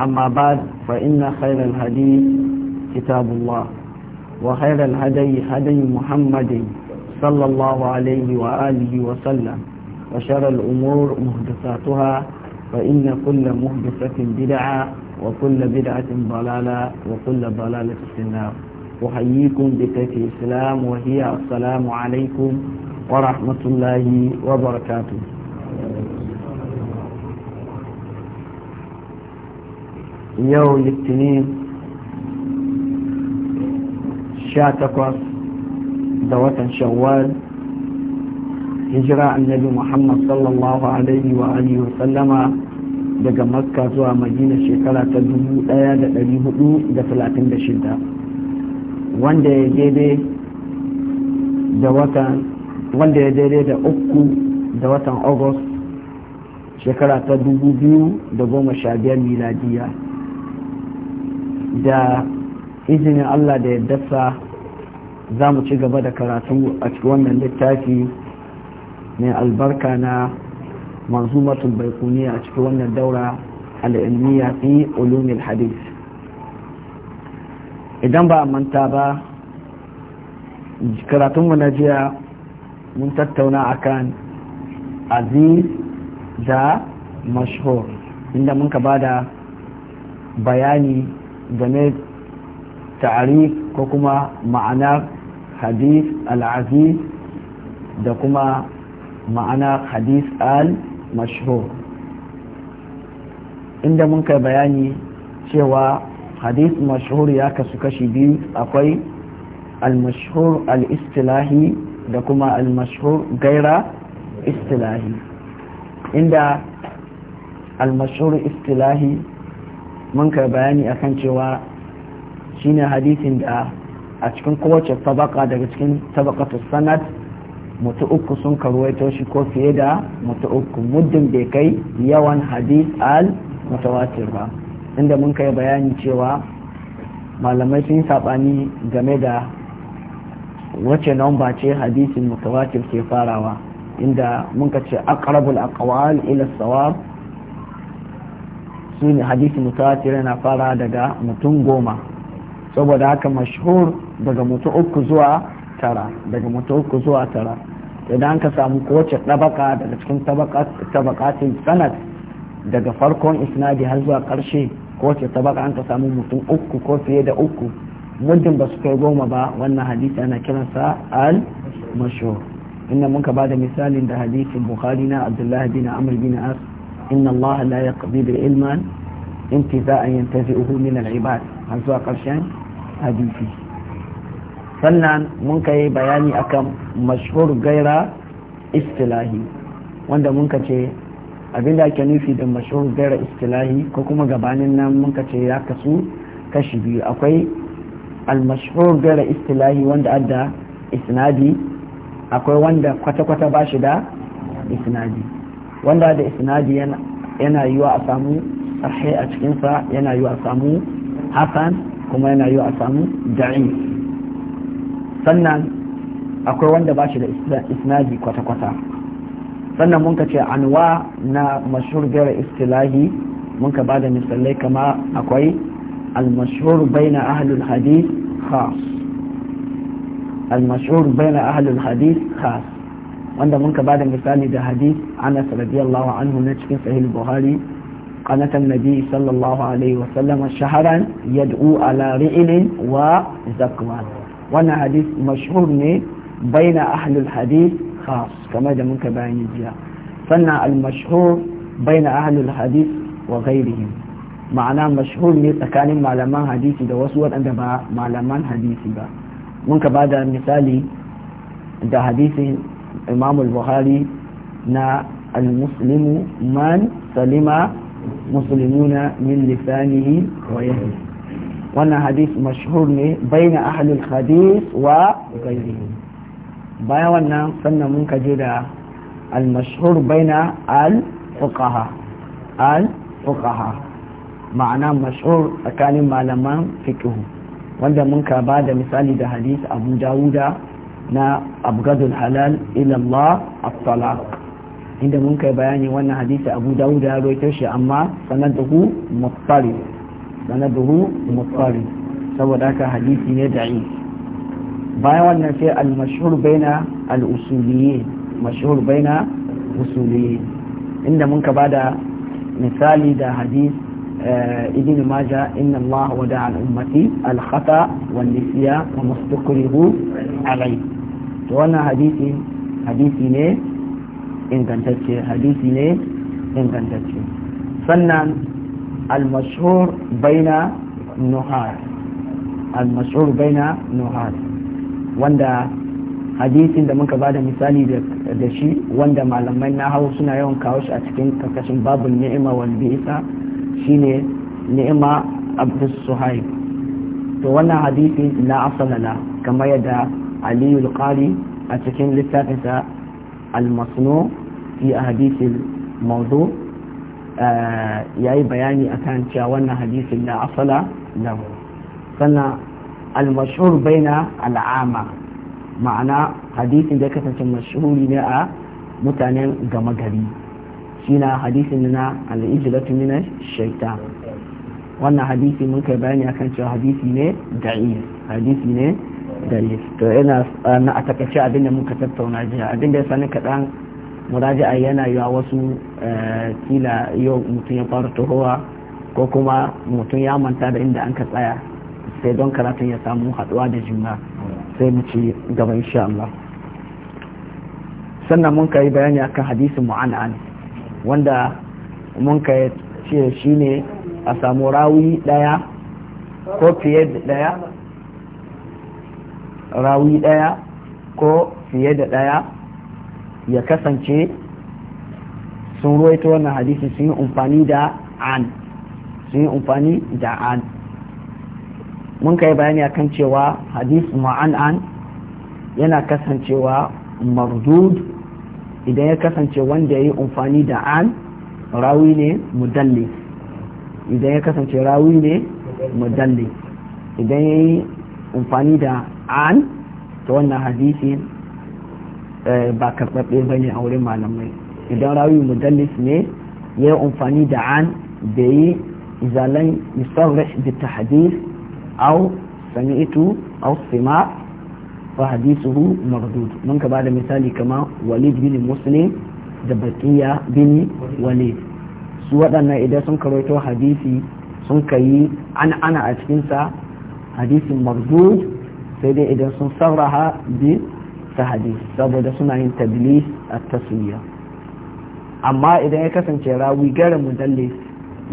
أما بعد فإن خير الهدي كتاب الله وخير الهدي هدي محمد صلى الله عليه وآله وسلم وشر الأمور مهدساتها فإن كل مهدسة بدعة وكل بدعة ضلالة وكل ضلالة في النار أحييكم بكيف الإسلام وهي السلام عليكم ورحمة الله وبركاته yau litinin 18 da watan shawwal hijira annabi muhammad sallallahu alaihi wa alihi daga makka zuwa madina shekara ta 1436 wanda ya daidai da watan wanda ya daidai da uku da watan august shekara ta 2015 miladiya da izinin Allah da yaddarsa za mu ci gaba da karatun a cikin wannan littafi mai albarka na manzumatul baikuniya a cikin wannan daura al'ilmiya fi ulumil hadith idan ba a manta ba karatunmu na jiya mun tattauna a kan aziz da mashhur inda mun ka bada bayani game ta'arif ko kuma ma'ana hadith al da kuma ma'ana hadith al-mashhur inda mun kai bayani cewa hadith mashhur ya kasu kashi biyu akwai al-mashhur al-istilahi da kuma al-mashhur gaira istilahi inda al-mashhur istilahi mun kai bayani akan cewa shine hadisin da a cikin kowace tabaka daga cikin tabakatu sanad mutu uku sun karwaito shi ko fiye da mutu uku muddin bai kai yawan hadis al mutawatir ba inda mun kai bayani cewa malamai sun saɓani game da wace namba ce hadisin mutawatir ke farawa inda mun ka ce aqrabul aqwal ila sawab su ne hadisi mutawatir yana fara daga mutum goma saboda haka mashhur daga mutum uku zuwa tara daga mutum uku zuwa tara idan ka samu kowace tabaka daga cikin tabakatin sanat daga farkon isnadi har zuwa karshe kowace tabaka an ka samu mutum uku ko fiye da uku muddin ba su kai goma ba wannan hadisi ana kiransa al mashhur inda muka ba da misalin da hadisin bukhari na abdullahi bin amr bin as inna Allah la yaqdi bil ilman intiza'a yantazi'uhu min al ibad har zuwa karshen hadisi sannan mun ka yi bayani akan mashhur gaira istilahi wanda mun ka ce abinda ake nufi da mashhur gaira istilahi ko kuma gabanin nan mun ka ce ya kasu kashi biyu akwai al-mashhur gaira istilahi wanda adda isnadi akwai wanda kwata-kwata ba shi da isnadi wanda da isnadi yana yiwa a samu sahih a cikinsa yana yiwa a samu hasan kuma yana yiwa a samu da'i sannan akwai wanda ba shi da isnadi kwata-kwata sannan mun ka ce anwa na mashhur gara istilahi mun ka ba da misalai kama akwai المشهور بين أهل الحديث خاص المشهور بين أهل الحديث خاص wanda mun ka bada misali da hadith Anas radiyallahu anhu na cikin sahih Buhari قناة النبي صلى الله عليه وسلم شهرا يدعو على رئل وزكوان وانا حديث مشهور بين أهل الحديث خاص كما جمعك بين الجهة فانا المشهور بين أهل الحديث وغيرهم معناه مشهور من تكان معلمان حديثي ده وسوى عند معلمان حديثي بقى ممكن بعد مثالي ده حديثي imam al na al-muslimu man salima musulmuna min lisanihi wa wannan hadis mashhur ne baina ahlul hadis wa ghairihi bayan wannan sannan mun kaje da al-mashhur baina al-fuqaha al-fuqaha ma'ana mashhur tsakanin malaman fiqh wanda mun ka ba da misali da hadis abu dawuda na abgadul halal ilallah at-talaq inda mun kai bayani wannan hadisi abu dawud ya rawaito shi amma sanaduhu muttari sanaduhu muttari saboda haka hadisi ne da'i bayan wannan sai al-mashhur baina al usuliyyi mashhur baina usuliyyi inda mun ka bada misali da hadisi ابن ماجه ان الله ودع al ummati al khata wal nisya to wannan hadisi hadisi ne ingantacce hadisi ne ingantacce sannan al-mashhur baina nuhar al-mashhur baina nuhar wanda hadisin da muka bada misali da shi wanda malamai na hau suna yawan kawo shi a cikin karkashin babu ni'ima wal bi'sa shine ni'ima abdus suhaib to wannan hadisi la asalala kamar yadda aliyu alƙari a cikin littafinsa almasno fi a hadisin maudu eh, ya yi bayani a kan cewa wannan hadisin na asala lahu sannan almashur baina al'ama ma'ana hadisin da ya kasance mashuri ne a mutanen gama gari shi na hadisin na al'ijilatu min wannan hadisi mun kai bayani akan cewa hadisi ne da'if hadisi ne to ina na a takaice abinda muka tattauna jiya abinda ya sani kaɗan muraja'a yana yiwa wasu eh, kila yau mutum ya fara tohowa ko kuma mutum ya manta da inda an ka tsaya sai don karatun ya samu haɗuwa da juna sai mu ci gaba insha Allah sannan mun kai bayani akan hadisin mu'an'an wanda mun kai ce ne a samu rawi daya ko fiye da daya rawi ɗaya ko fiye da ɗaya ya kasance sun ruwaito wannan hadisi sun yi umfani da an sun yi umfani da an mun kai bayani kan cewa hadis ma'an an yana kasancewa mardud idan ya kasance wanda ya yi umfani da an rawi ne mudallis idan ya kasance rawi ne mudallis idan ya yi amfani da an ta wannan hadisi eh, ba karɓaɓɓe ba ne a wurin malamai idan rawi mudallis ne ya yi amfani da an da yi izalan misal da ta hadis au sami'itu au sima fa hadisuhu mardud mun ka bada misali kama walid bin muslim da bakiya bin walid su waɗannan idan sun karoito hadisi sun ka yi an ana a cikinsa hadisi mardud sai dai idan sun sarraha bi ta hadis saboda suna yin tabili a taswiya amma idan ya kasance rawi gara mudallis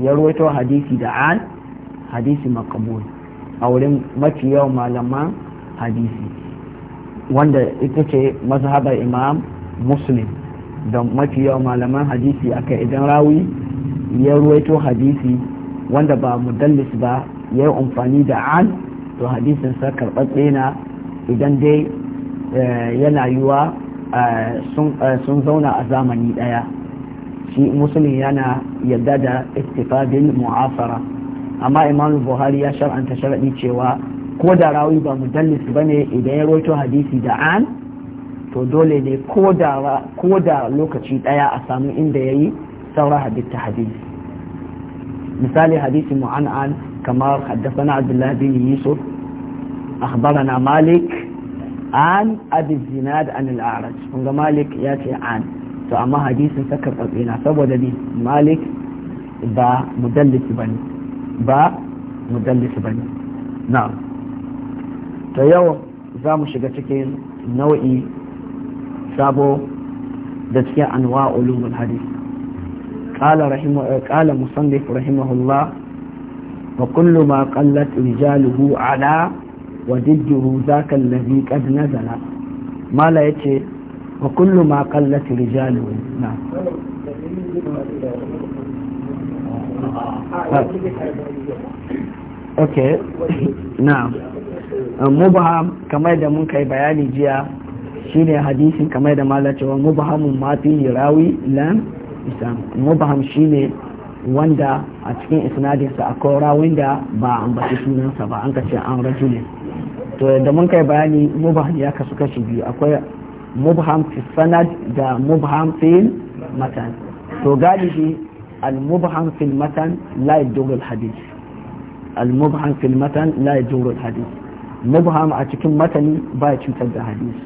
ya ruwaito hadisi da an hadisi makabul a wurin mafi yawan malaman hadisi wanda ita ce mazhabar imam muslim da mafi yawan malaman hadisi aka idan rawi ya ruwaito hadisi wanda ba mudallis ba ya yi amfani da an to hadisin sa karɓaɓɓe na idan dai eh, yana yiwa eh, eh, sun zauna a zamani ɗaya shi musulun yana yadda da istifadin mu'afara amma imamu buhari ya shar'anta sharaɗi cewa ko da rawi ba mudallis ba ne idan ya roto hadisi da an to dole ne ko da lokaci ɗaya a samu inda ya yi saura hadita hadisi misali hadisi mu'an'an كما حدثنا عبد الله بن يوسف أخبرنا مالك عن أبي الزناد عن الأعرج كنت مالك ياتي عن فأما حديث سكر قلبنا سبو دي مالك با مدلس بني با مدلس بني نعم فيو زامو شغتكين نوعي سابو دتكي أنواع علوم الحديث قال رحمه قال مصنف رحمه الله فكل ما قلت رجاله على وضده ذاك الذي قد نزل ما لا يتي وكل ما قلت رجاله نعم اوكي نعم mubham kamar da mun kai bayani jiya shine hadisi kamar da mala cewa mubhamun ma fi rawi lan isam mubham shine wanda a cikin isnadinsa akwai kora da ba an baci sunansa ba an ka an rajulin to da mun kai bayani mubham ya kasu kashi biyu akwai mubham fi sanad da mubham fil matan to galibi al mubham fil matan la yadurul hadith al mubham fi matan la yadurul hadith mubham a cikin matani ba ya cutar da hadith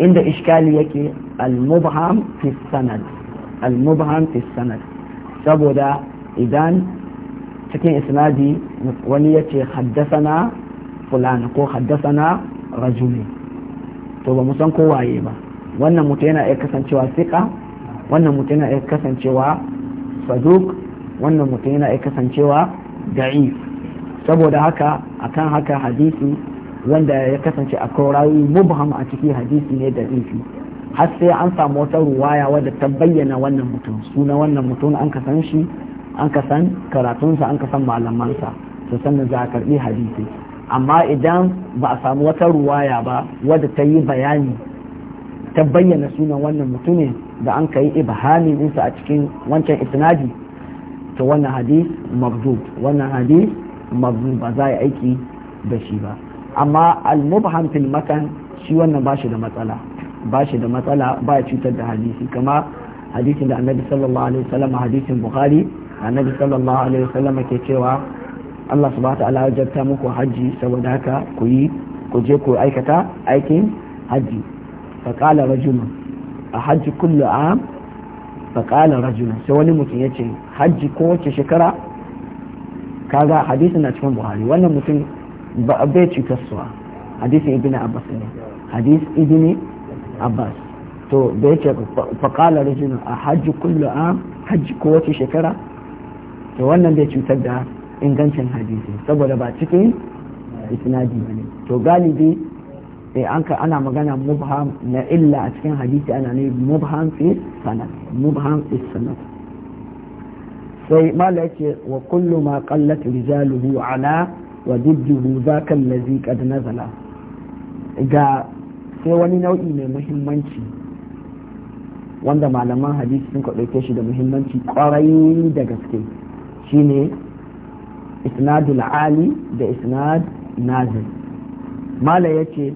inda iskali yake al mubham fi sanad al mubham fi sanad saboda idan cikin isnadi wani ya ce haddasana fulana ko haddasana rajuli to ba san ko waye ba wannan mutum yana iya kasancewa sika wannan mutum yana iya kasancewa saduk wannan mutum yana iya kasancewa da'if saboda haka akan haka hadisi wanda ya kasance akwai rawi mubham a ciki hadisi ne da'ifi har sai an samu wata ruwaya wadda ta bayyana wannan mutum suna wannan mutum an ka san shi an ka san karatunsa an ka san malamansa to sannan za a karbi hadisi amma idan ba a samu wata ruwaya ba wadda ta yi bayani ta bayyana sunan wannan mutumin da an ka yi ibhamin insa a cikin wancan isnadi to wannan hadis mabdud wannan hadis mabdud ba za a yi aiki da shi ba amma al-mubham fil shi wannan ba shi da matsala ba shi da matsala ba ya cutar da hadisi kama hadisin da annabi sallallahu alaihi wasallam hadisin bukhari annabi sallallahu alaihi wasallam ke cewa Allah subhanahu wa ta'ala ya jarta muku haji saboda haka ku yi ku je ku aikata aikin haji fa qala rajul a haji kullu am fa qala rajul sai wani mutum yace haji kowace shekara kaga hadisin na cikin buhari wannan mutum bai cutarsuwa hadisin ibn abbas ne hadis ibn abbas to da yake faƙala rajulun a hajji kullu a hajji kowace shekara to wannan bai cutar da ingancin hadisi saboda ba cikin isnadi bane to galibi sai an ka ana magana mubham na illa a cikin hadisi ana ne mubham fi sanad mubham fi sanad sai mala yake wa kullu ma qallat rijaluhu ala wa didduhu zaka allazi qad nazala ga sai wani nau'i mai muhimmanci wanda malaman hadisi sun ɗauke shi da muhimmanci ƙwarai da gaske shine isnadul ali da isnad nazi mala ya ce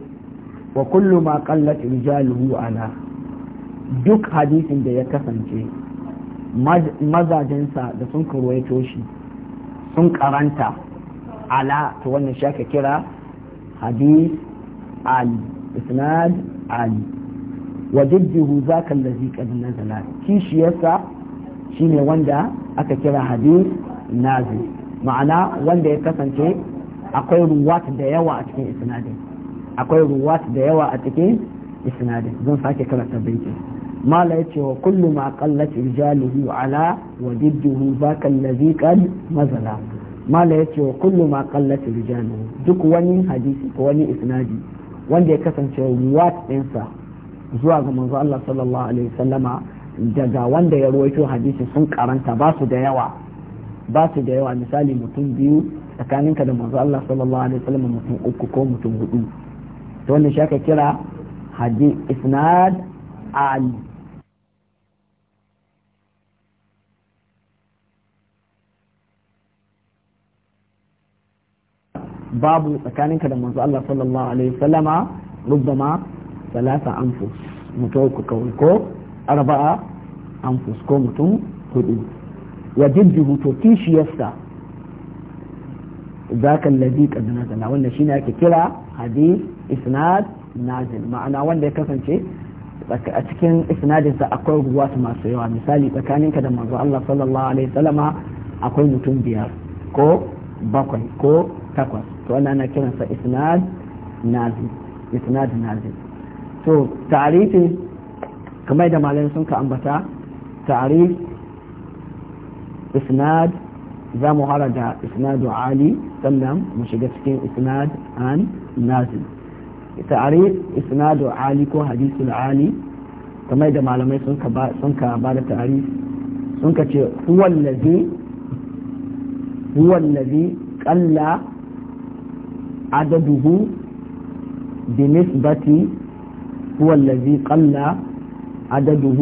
wa kullu ma qallat rijaluhu ala duk hadisin da ya kasance mazajensa da sun kurwaito shi sun karanta ala to wannan shaka kira hadis ali isnad ali wa jiddihu zaka allazi qad nazala kishiyarsa shine wanda aka kira hadith nazi. ma'ana wanda ya kasance akwai ruwat da yawa a cikin isnadin akwai ruwat da yawa a cikin isnadin zan sake karanta baiti mala yace wa kullu ma qallat rijaluhu ala wa jidduhu zaka allazi qad nazala mala yace wa kullu ma duk wani hadisi ko wani isnadi wanda ya kasance wat ɗinsa zuwa ga manzo Allah sallallahu alaihi wasallama daga wanda ya ruwaito hadisi sun karanta ba su da yawa ba su da yawa misali mutum biyu tsakaninka da manzo Allah sallallahu alaihi wasallam mutum uku ko mutum hudu to wannan shi aka kira hadith isnad ali babu tsakaninka da manzo Allah sallallahu alaihi wasallama rubbama salasa anfus mutum ku kawai ko arba'a anfus ko mutum hudu wa jidduhu to kishiyarsa ذاك ladi قد نزل wanda shine ake kira hadith isnad nazil ma'ana wanda ya kasance a cikin isnadinsa akwai ruwatu masu yawa misali tsakaninka da manzo Allah sallallahu alaihi wasallama akwai mutum biyar ko bakwai ko takwas ولا انا كلمه فاسناد نازل اسناد نازل تو تعريف كما اذا ما لين سنك انبتا تعريف اسناد ذا مهرجة اسناد عالي سلم مش جسكين اسناد ان نازل تعريف اسناد عالي كو حديث العالي كما اذا ما لين سنك سنك بعد تعريف سنك هو الذي هو الذي قل عدده بنسبة هو الذي قل عدده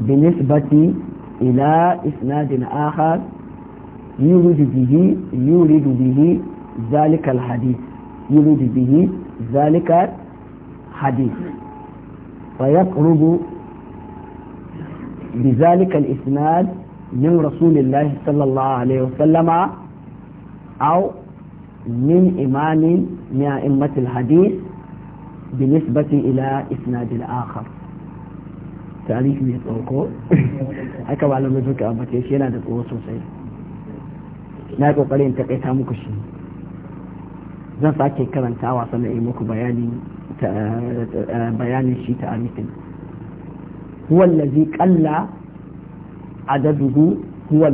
بنسبة إلى إسناد آخر يريد به يريد به ذلك الحديث يريد به ذلك الحديث فيقرب بذلك الإسناد من رسول الله صلى الله عليه وسلم أو من إمام من أئمة الحديث بالنسبة إلى إسناد الآخر تعريف من الطوقو haka ba lamar duka a mace yana da tsoro sosai na ƙoƙarin ta kaita muku shi zan sake karantawa sannan yi muku bayanin shi ta arifin huwa allazi qalla adaduhu huwa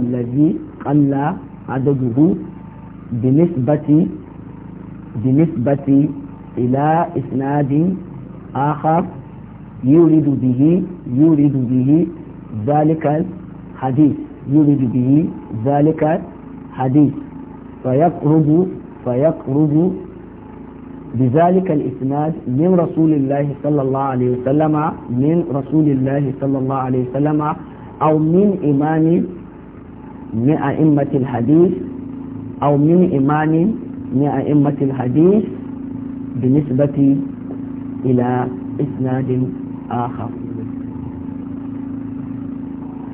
بنسبة بنسبة إلى إسناد آخر يورد به يورد به ذلك الحديث يورد به ذلك الحديث فيقرب فيقرب بذلك الإسناد من رسول الله صلى الله عليه وسلم من رسول الله صلى الله عليه وسلم أو من إمام من أئمة الحديث أو من إمام من أئمة الحديث بالنسبة إلى إسناد آخر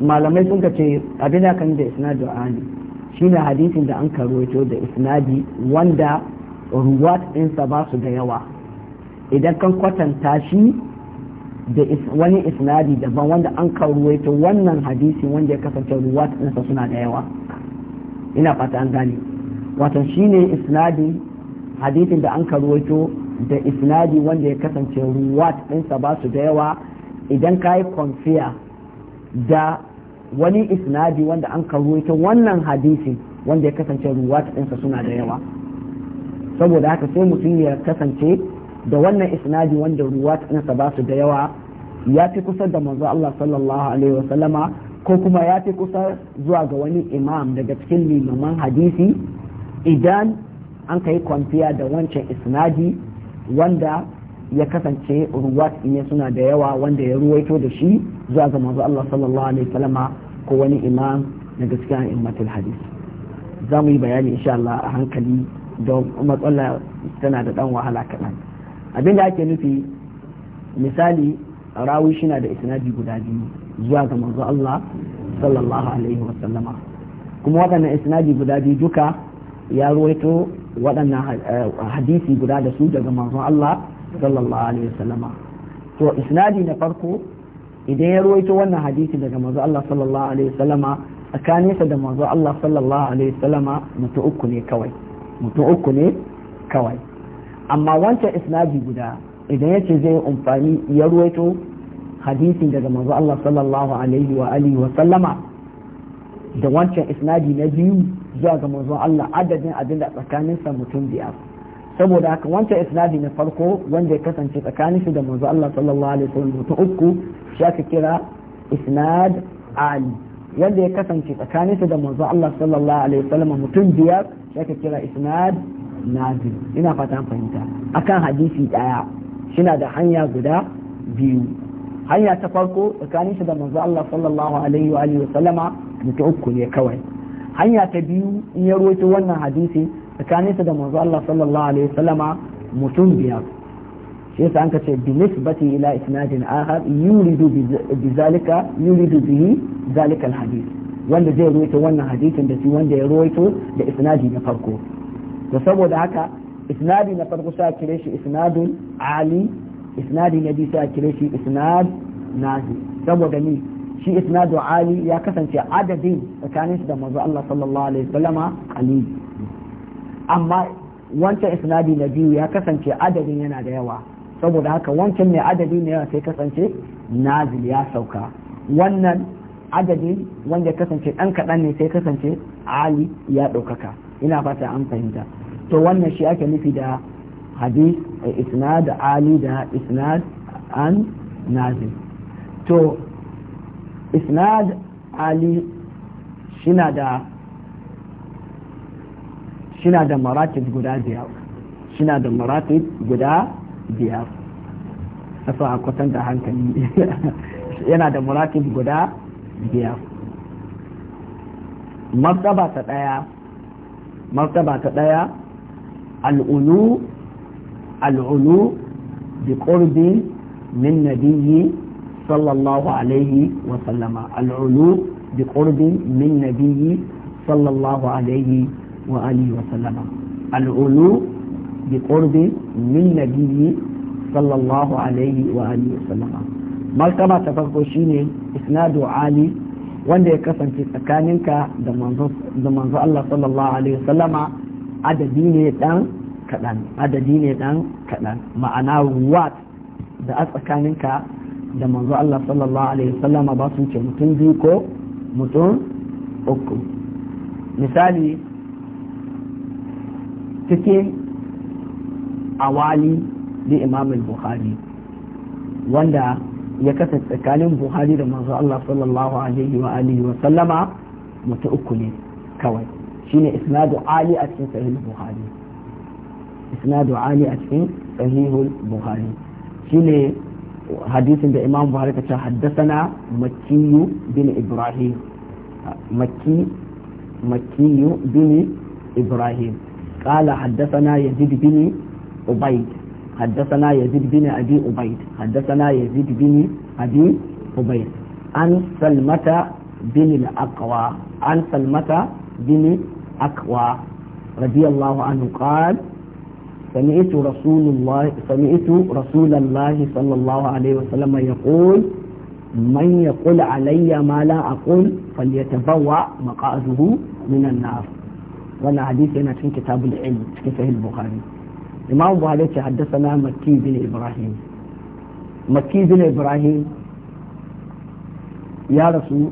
malamai sun ce abin kan da isnadu ali shine hadisin da an karuwato da isnadi wanda ruwat ɗinsa da yawa idan kan kwatanta shi da wani isnadi daban wanda an karuwato wannan hadisi wanda ya kasance ruwat ɗinsa suna da yawa ina fata an gane watan shine isnadi hadithin da an karuwaito da isnadi wanda ya kasance ruwat ɗinsa ba su da yawa idan ka yi da wani isnadi wanda an karuwaito wannan hadisi wanda ya kasance ruwat ɗinsa suna da yawa saboda haka sai mutum ya kasance da wannan isnadi wanda ruwat ɗinsa ba su da yawa ya fi kusa da manzo Allah sallallahu alaihi wasallama ko kuma ya fi kusa zuwa ga wani imam daga cikin limaman hadisi idan an kai kwamfiya da wancan isnadi wanda ya kasance ruwat ne suna da yawa wanda ya ruwaito da shi zuwa ga manzo Allah sallallahu alaihi wasallama ko wani imam na gaskiya immatul hadis za mu yi bayani insha Allah a hankali don matsala tana da dan wahala kaɗan abinda ake nufi misali rawi na da isnadi guda biyu zuwa ga manzo Allah sallallahu alaihi wasallama kuma waɗannan isnadi guda biyu duka ya ruwaito waɗannan eh, hadisi guda da su daga manzon Allah sallallahu alaihi wasallama to isnadi na farko idan ya ruwaito wannan hadisi daga manzon Allah sallallahu alaihi wasallama tsakaninsa da manzon Allah sallallahu alaihi wasallama mutu uku ne kawai mutu uku ne kawai amma wancan isnadi guda idan ya ce zai amfani ya ruwaito hadisi daga manzon Allah sallallahu alaihi wa alihi wasallama da wancan isnadi na biyu zuwa ga manzon Allah adadin abin da tsakaninsa mutum biyar saboda haka wancan isnadi na farko wanda ya kasance tsakanin shi da manzo Allah sallallahu alaihi wasallam mutum uku shi aka kira isnad ali wanda ya kasance tsakanin shi da manzo Allah sallallahu alaihi wasallam mutum biyar shi aka kira isnad nazil ina fata fahimta akan hadisi daya shina da hanya guda biyu hanya ta farko tsakanin shi da manzo Allah sallallahu alaihi wa alihi wasallama mutum uku ne kawai hanya ta biyu in ya roci wannan hadisi tsakaninsa da manzo Allah sallallahu alaihi wasallama mutum biyar shi yasa an ce bi nisbati ila isnadin akhar yuridu bi zalika yuridu bihi zalika alhadith wanda zai roito wannan hadisin da shi wanda ya roito da isnadi na farko to saboda haka isnadi na farko sai kire shi isnadun ali isnadi na biyu sai kire shi isnad nazi saboda ni shi isnadu ali ya kasance adadin tsakanin shi da manzo Allah sallallahu alaihi wasallama ali amma wancan isnadi na biyu ya kasance adadin yana da yawa saboda haka wancan mai adadi ne sai kasance nazil ya sauka wannan adadi wanda ya kasance ɗan kaɗan ne sai kasance ali ya ɗaukaka ina fata an fahimta to wannan shi ake nufi da hadis isnad ali da isnad an nazil to isnad ali shina da shina da maratib guda biyar shina da maratib guda biyar a kwatan da hankali yana da maratib guda biyar martaba ta daya martaba ta daya al'ulu al'ulu bi qurbi min nabiyyi صلى الله عليه وسلم العلو بقرب من نبيه صلى الله عليه وآله وسلم العلو بقرب من نبيه صلى الله عليه وآله وسلم malkama ta farko shine isnadu wanda ya kasance tsakaninka da manzo Allah sallallahu alaihi wasallama adadi ne dan kadan adadi ne dan kadan ma'ana ruwat da a tsakaninka da manzo Allah sallallahu alaihi wasallama ba sun ce mutum biyu ko mutum uku misali cikin awali da imam bukhari wanda ya kasa tsakanin buhari da manzo Allah sallallahu alaihi wa alihi wa sallama mutu uku ne kawai shine isnadu ali a cikin sahih buhari isnadu ali a cikin sahih buhari shine hadisin da imam buhari ta ce haddasana makiyu bin ibrahim maki makiyu bin ibrahim قال حدثنا يزيد بن عبيد حدثنا يزيد بن أبي عبيد حدثنا يزيد بن أبي عبيد عن سلمة بن الأقوى عن سلمة بن أقوى رضي الله عنه قال سمعت رسول الله سمعت رسول الله صلى الله عليه وسلم يقول من يقول علي ما لا أقول فليتبوأ مقعده من النار وانا حديث هنا في كتاب العلم في صحيح البخاري الإمام البخاري حدثنا مكي بن إبراهيم مكي بن إبراهيم يا رسول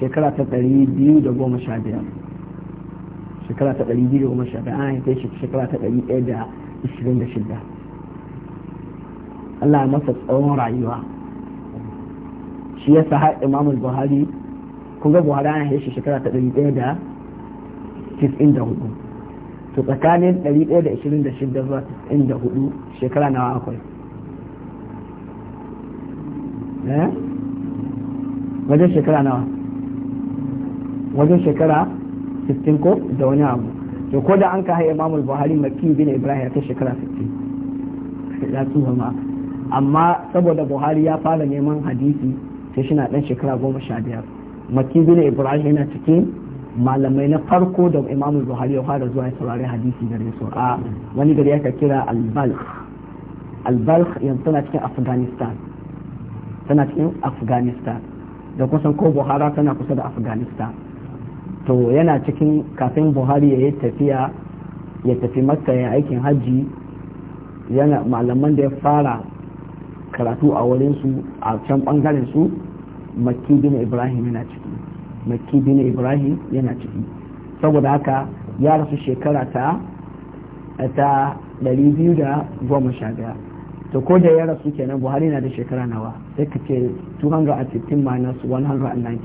شكرا تقريبي دقوم مشابه shekara ta ɗari biyu da goma sha biyu an haife shi shekara ta ɗari ɗaya da shida Allah ya masa tsawon rayuwa shi ya sa har mamul buhari kun ga buhari ana yashi shekara ta ɗari da da hudu to tsakanin ɗari da da shida zuwa hudu shekara nawa akwai eh? wajen shekara nawa wajen shekara 15 ko da wani abu to ko da an ka haye imamul buhari maki bin ibrahim ta shekara 60 ya tsuwa ma amma saboda buhari ya fara neman hadisi sai shi na dan shekara goma sha biyar maki bin ibrahim yana cikin malamai na farko da imamul buhari ya fara zuwa ya saurari hadisi gare su a wani gari aka kira al-balkh al-balkh yanzu tana cikin afghanistan tana cikin afghanistan da kusan ko buhara tana kusa da afghanistan to yana cikin kafin buhari ya yi tafiya ya tafi makka ya aikin hajji yana malaman da ya fara karatu a wurinsu a can bangaren su makki bin ibrahim yana ciki makki bin ibrahim yana ciki saboda haka ya rasu shekara ta ta 211 to ko da ya rasu kenan buhari na da shekara nawa sai ka ce 215 minus 194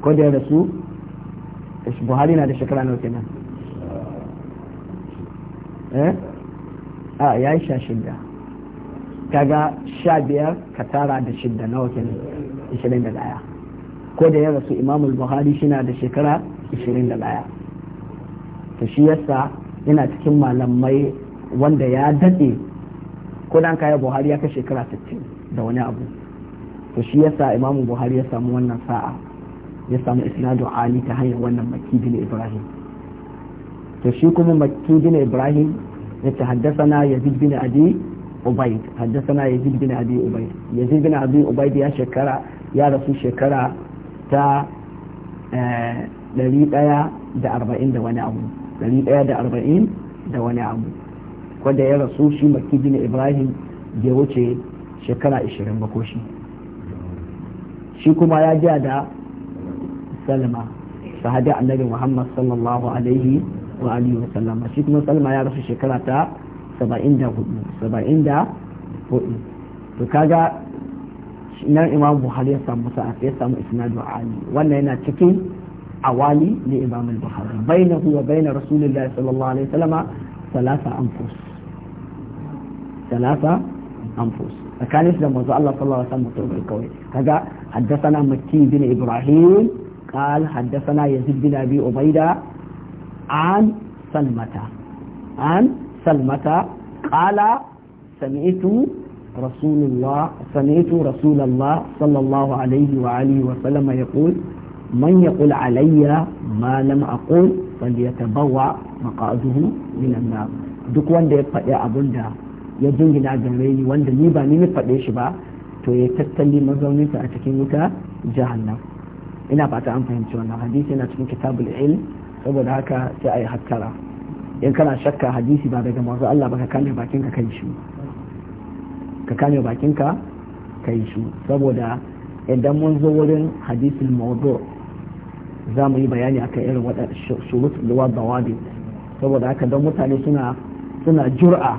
ko da ya rasu buhari na da shekara nawa kenan eh ah, ya yi sha shida ga sha biyar ka tara da shida nawa kenan ishirin da daya ko da ya rasu imamul buhari shi na da shekara ishirin da daya to shi yasa yana cikin malamai wanda ya daɗe ko dan kaya buhari ya kai shekara 60 da wani abu to shi yasa imamu buhari ya samu wannan sa'a ya samu isnadu ali ta hanyar wannan makki bin ibrahim to shi kuma makki bin ibrahim ya ta haddasana yazid bin abi ubaid haddasana ya bin abi ubaid ya bin abi ubaid ya shekara ya rasu shekara ta eh, ɗari ɗaya da arba'in da wani abu ɗari ɗaya da arba'in da wani abu wanda ya rasu shi makki bin ibrahim bai wuce shekara 20 ba ko shi shi kuma ya jiya da salma sahabi annabi muhammad sallallahu alaihi wa alihi wa sallama shi kuma salma ya rasu shekara ta 74 74 to kaga nan imam buhari ya samu sa'a ya samu isnadu ali wannan yana cikin awali na imam al-bukhari bainahu wa bain rasulillahi sallallahu alaihi wasallama salasa anfus salasa anfus فكان يسلم وزع الله صلى الله عليه وسلم كذا حدثنا مكي بن ابراهيم قال حدثنا يزيد بن أبي عبيدة عن سلمة عن سلمة قال سمعت رسول الله سمعت رسول الله صلى الله عليه وآله وسلم يقول من يقول علي ما لم أقول فليتبوع مقعده من النار duk wanda ya faɗi abin da ya jingina gare ni wanda ni ba ni faɗe shi ba to ya tattali mazauninsa a cikin wuta jahannam ina fata an fahimci wannan hadisi yana cikin kitabul ilm saboda haka sai a yi hattara in kana shakka hadisi ba daga mazu Allah ba ka kame bakinka ka yi shi ka kame bakinka ka yi shi saboda idan mun zo wurin hadisi mawdu za mu yi bayani akan irin waɗannan shurut luwa bawabi saboda haka don mutane suna suna jur'a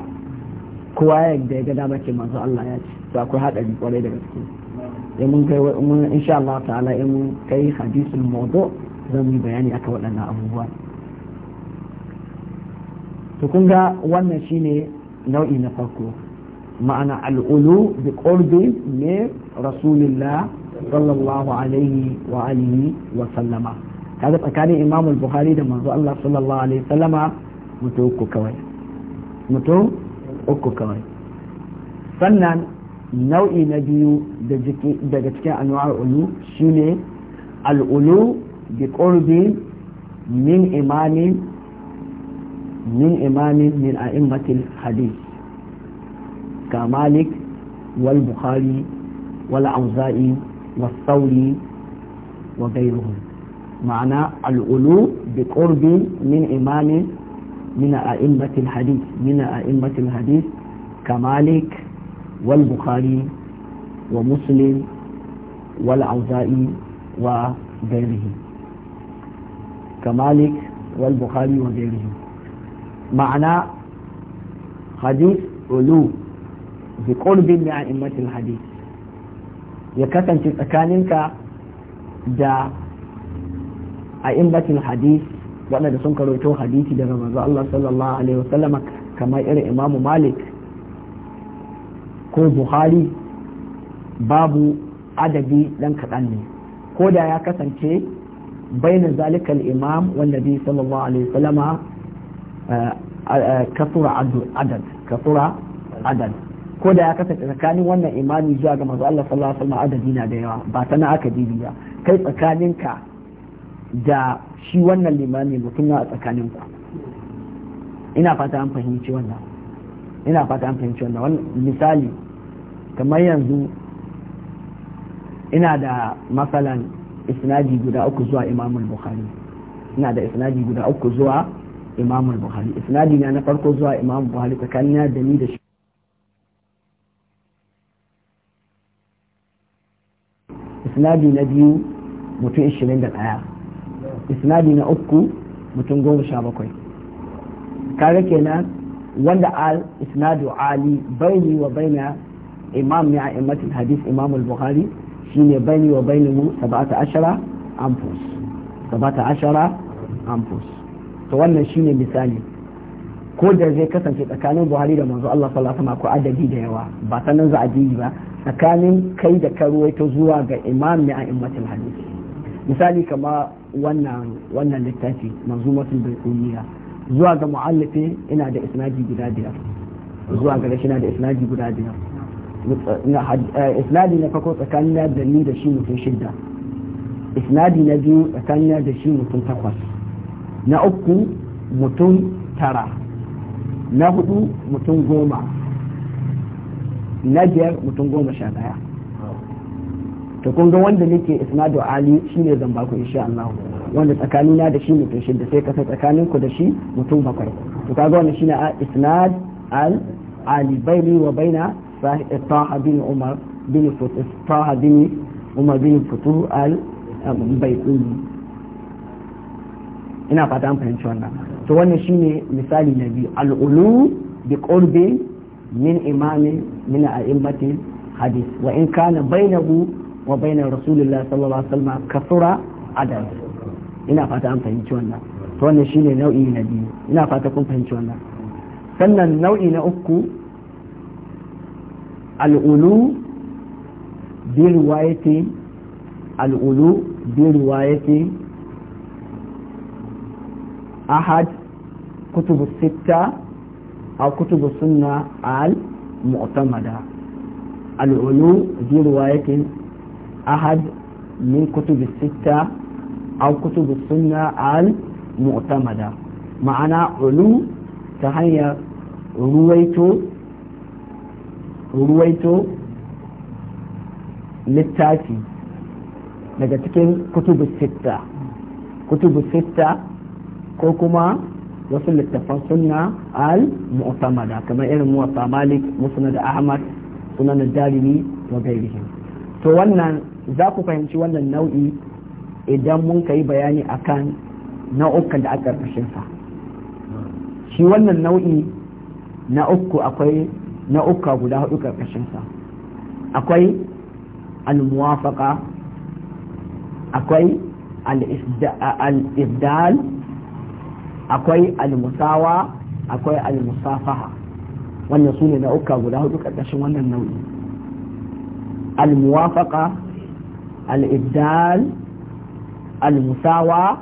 kowa ya ga dama ce manzo Allah ya ce to akwai haɗari kwarai da gaske in mun kai mun insha Allah ta'ala in mun kai hadisul mawdu zan yi bayani akan waɗannan abubuwa to kun ga wannan shine nau'i na farko ma'ana al'ulu bi qurbi ne rasulillah sallallahu alaihi wa alihi wa sallama kaga tsakanin imamu bukhari da manzo Allah sallallahu alaihi wa sallama mutum uku kawai mutum uku kawai sannan نوعي نبيو دجكي أنواع الألو شيني الألو بقرب من إمام من إمام من أئمة الحديث كمالك والبخاري والعوزائي والثوري وغيرهم معنى الألو بقرب من إمام من أئمة الحديث من أئمة الحديث كمالك والبخاري ومسلم والأوزائي وغيره كمالك والبخاري وغيره معنى حديث علو بقرب من أئمة الحديث يكتن تتكاننك دا أئمة الحديث وأنا دا سنكر hadisi daga manzo Allah sallallahu alaihi wasallam kamar irin Imam Malik ko buhari babu adadi dan kaɗan ne ko da ya kasance baina zalikal imam wanda bi sallallahu alaihi wasallama eh, eh, eh, kasura adad kasura adad ko da ya kasance tsakanin wannan imami zuwa ga manzo Allah sallallahu alaihi wasallam adadi na da yawa ba ta na aka dibi ba kai tsakaninka da shi wannan limami mutum na tsakanin ku ina fata an fahimci wannan ina fata an fahimci wannan misali kamar yanzu ina da matsalan isnadi guda uku zuwa imamul bukhari ina da isnadi guda uku zuwa imamul bukhari isnadi na na farko zuwa imamul bukhari tsakanina da ni da shi isnadi na biyu mutum ishirin da daya isnadi na uku mutum goma sha bakwai. Kare kenan wanda al isnadu ali baini wa baina imam ne a immatin hadis imam al-bukhari shine bani wa bani mu 17 ashara amfus sabata ashara amfus to wannan shine misali ko da zai kasance tsakanin buhari da manzo Allah sallallahu alaihi wasallam ko adadi da yawa ba sanan za a ji ba tsakanin kai da ta zuwa ga imam ne a immatin hadis misali kama wannan wannan littafi manzumatul baiquniya zuwa ga muallifi ina da isnadi guda biyar zuwa ga shi ina da isnadi guda biyar Eh, isnadi na farko tsakanina da ni da shi mutum shidda isnadi na biyu tsakanina da shi mutum takwas na uku mutum tara na hudu mutum goma na biyar mutum goma sha daya to kun ga wanda nake isnadu ali shine zan ba ku insha Allah wanda tsakanina da shi mutum shidda sai kasa tsakanin ku da shi mutum bakwai to kaga wannan shine isnad al ali baini wa baina طه بن عمر بن طه بن عمر بن فتوح al-baituni ina fata an fahimci wannan to wannan shine misali na biyu al'ulu bi qurbi min imamin min a'immati hadith wa in kana bainahu wa baina rasulillah sallallahu alaihi wasallam kasura adad ina fata an fahimci wannan to wannan shine nau'i na biyu ina fata kun fahimci wannan sannan nau'i na uku al'ulu bi riwayati al'ulu ahad kutubu sitta a kutubu sunna al mu'tamada al'ulu ahad min kutubu a kutubu al ma'ana ulu ta hanyar ruwaito ruwaito littafi daga cikin kutubu sitta kutubu sitta ko kuma wasu littafan sunna al mu'tamada kamar irin muwatta malik musnad ahmad sunan dalibi wa gairihi to wannan za ku fahimci wannan nau'i idan mun kai bayani akan nau'ukan da aka shi wannan nau'i na uku akwai na uka guda hudu karkashinsa akwai almuwafaka akwai al-ibdal akwai al-musawa akwai al-musafaha wannan su ne na uka guda hudu karkashin wannan nau'i al-muwafaka al-ibdal al-musawa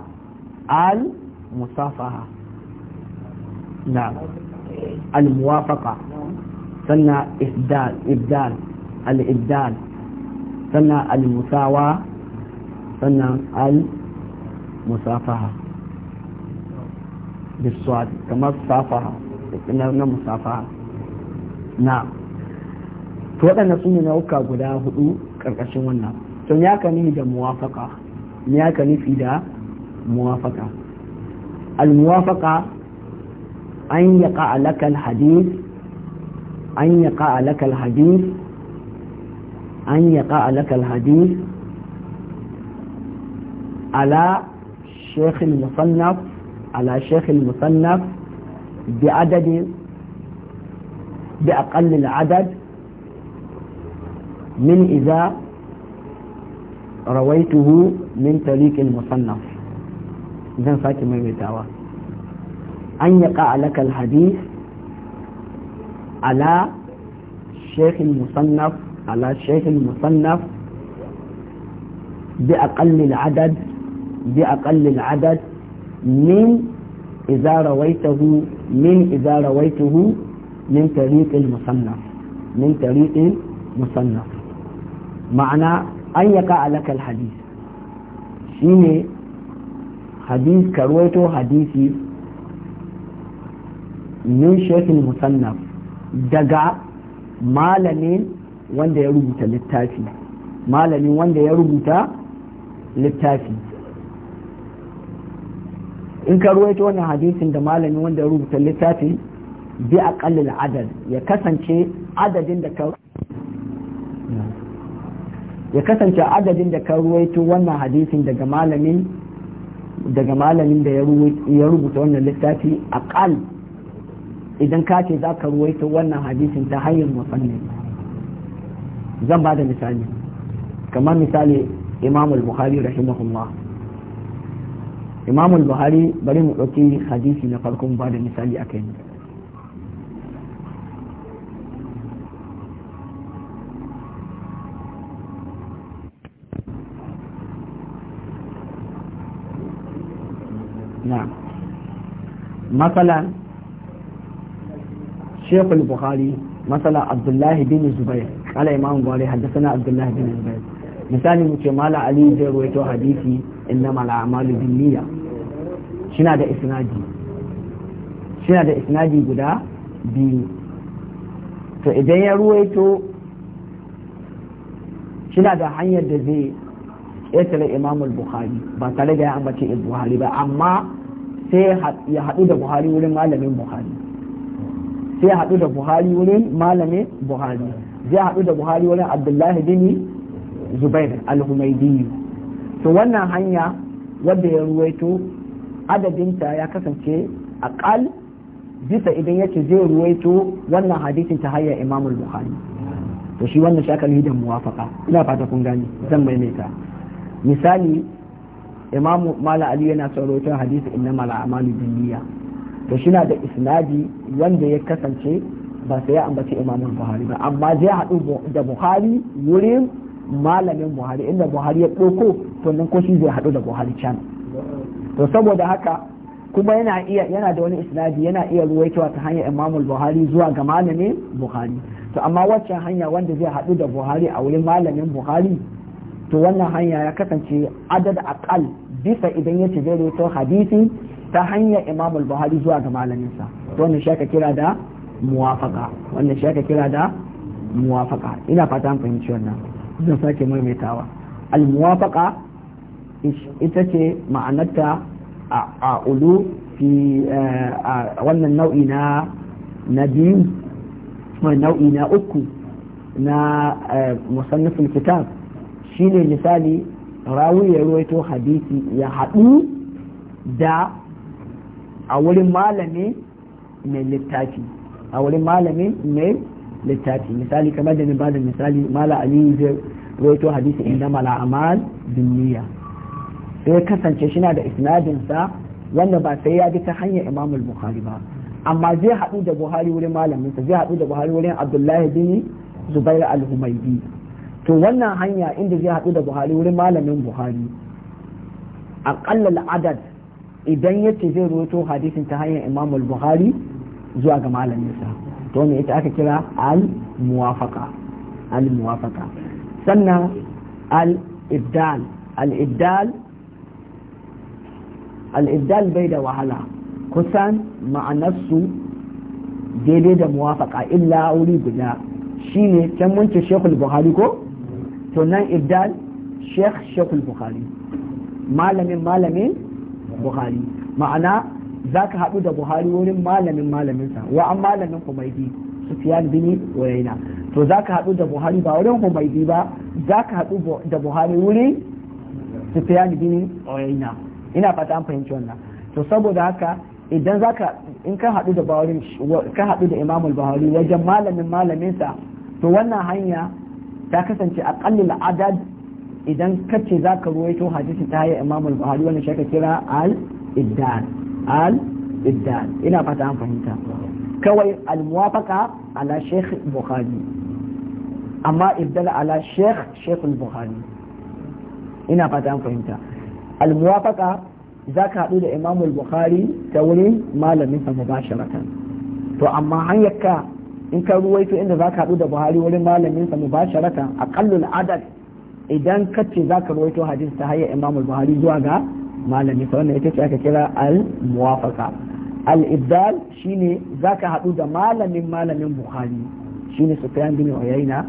al-musafaha na al-muwafaka sannan ibdal ibdal al-ibdal sannan al-musawa sannan al-musafaha biswad kamar safaha na musafaha na to waɗanda su ne nauka guda hudu ƙarƙashin wannan to ya ka nufi da muwafaka ya ka nufi da muwafaka al-muwafaka an yaƙa alakal hadith أن يقع لك الحديث أن يقع لك الحديث على شيخ المصنف على شيخ المصنف بعدد بأقل العدد من إذا رويته من طريق المصنف إذا فاتي يتعوى أن يقع لك الحديث على شيخ المصنف على شيخ المصنف بأقل العدد بأقل العدد من إذا رويته من إذا رويته من طريق المصنف من طريق المصنف معنى أن يقع لك الحديث شيني حديث كرويته حديثي من شيخ المصنف daga malamin wanda ya rubuta littafi malamin wanda ya rubuta littafi in ka ruwaito wannan hadisin da malamin wanda ya rubuta littafi bi aqallil adad ya kasance adadin da ka ya kasance adadin da ka ruwaito wannan hadisin daga malamin daga malamin da ya rubuta wannan littafi aqal idan ka ce za ka ruwaito wannan hadisin ta hanyar musannin zan ba da misali kamar misali imam al-bukhari rahimahullah imam al-bukhari bari mu ɗauki hadisi na farkon ba da misali a kai نعم مثلا الشيخ البخاري مثلا عبد الله بن الزبير قال إمام البخاري حدثنا عبد الله بن الزبير misali mu ce mala ali zai ruwaito hadisi inna mala amalu bin shina da isnadi shina da isnadi guda biyu to idan ya ruwaito shina da hanyar da zai ƙetare imamul buhari ba tare da ya ambace buhari ba amma sai ya haɗu da buhari wurin malamin buhari sai ya haɗu da buhari wurin malami buhari zai haɗu da buhari wurin abdullahi bin zubair al-humaydi to wannan hanya wadda ya ruwaito adadinta ya kasance akal bisa idan yake zai ruwaito wannan hadisin ta hanyar imam buhari to shi wannan shakali da muwafaka ina fata kun gani zan maimaita misali imam mala ali yana son rawaito hadisi inna mala amalu bin to shi na da isnadi wanda ya kasance ba sai ya ambaci imamin buhari ba amma zai haɗu da buhari wurin malamin buhari inda buhari ya ɗauko to nan ko shi zai haɗu da buhari can to saboda haka kuma yana iya yana da wani isnadi yana iya ruwaitowa ta hanyar imamul buhari zuwa ga malamin buhari to amma waccan hanya wanda zai haɗu da buhari a wurin malamin buhari to wannan hanya ya kasance adad akal bisa idan ya ce zai hadisi ta hanyar imam buhari zuwa ga malaminsa wannan shi aka kira da muwafaka wannan shi aka kira da muwafaka ina fata an fahimci wannan zan sake maimaitawa al-muwafaka ita ce ma'anarta a ulu fi eh, wannan nau'i na na biyu nau'i na uku na eh, musannifin kitab shine misali rawi ya ruwaito hadisi ya haɗu da a wurin malami mai littafi a wurin malami mai littafi misali kamar da ni bada misali mala ali zai rawaito hadisi inda mala amal duniya sai kasance shi na da isnadin sa wanda ba sai ya bi ta hanyar imamul bukhari ba amma zai haɗu da buhari wurin malamin malaminsa zai haɗu da buhari wurin abdullahi bin zubair al-humaydi to wannan hanya inda zai haɗu da buhari wurin malamin buhari aƙalla adad idan yace zai ruwato hadisin ta hanyar imam al-bukhari zuwa ga malaminsa to me ita aka kira al-muwafaqa al-muwafaqa sannan al-ibdal al-ibdal al-ibdal bai da wahala kusan ma'anarsu daidai da muwafaqa illa wuri guda shine can mun ce shekul bukhari ko to nan ibdal shekh shekul bukhari malamin malamin buhari ma'ana za ka haɗu da buhari wurin malamin malaminsa wa an malamin humaidi sufiyan bin wayaina to za ka haɗu da buhari ba wurin humaidi ba za ka haɗu da buhari wurin sufiyan bin wayaina ina fata an fahimci wannan to saboda haka idan za ka in ka haɗu da buhari ka haɗu da imamul buhari wajen malamin malaminsa to wannan hanya ta kasance aƙallin adad idan ka ce za ka ruwaito hadisi ta hanyar imam al-buhari wani shaka kira al-iddan al-iddan ina fata an fahimta kawai al muwafaka ala sheikh bukhari amma ibdal ala sheikh sheikh al-bukhari ina fata an fahimta al muwafaka za ka haɗu da imam al-bukhari ta wurin malamin sa mubasharatan to amma hanyar ka in ka ruwaito inda za ka haɗu da buhari wurin malamin sa mubasharatan aqallul adad idan ka ce za ka rawaito hadis ta hanyar imam al-buhari zuwa ga malami wannan ita ce aka kira al muwafaka al-ibdal shine za ka haɗu da malamin malamin buhari shine sufyan bin uyayna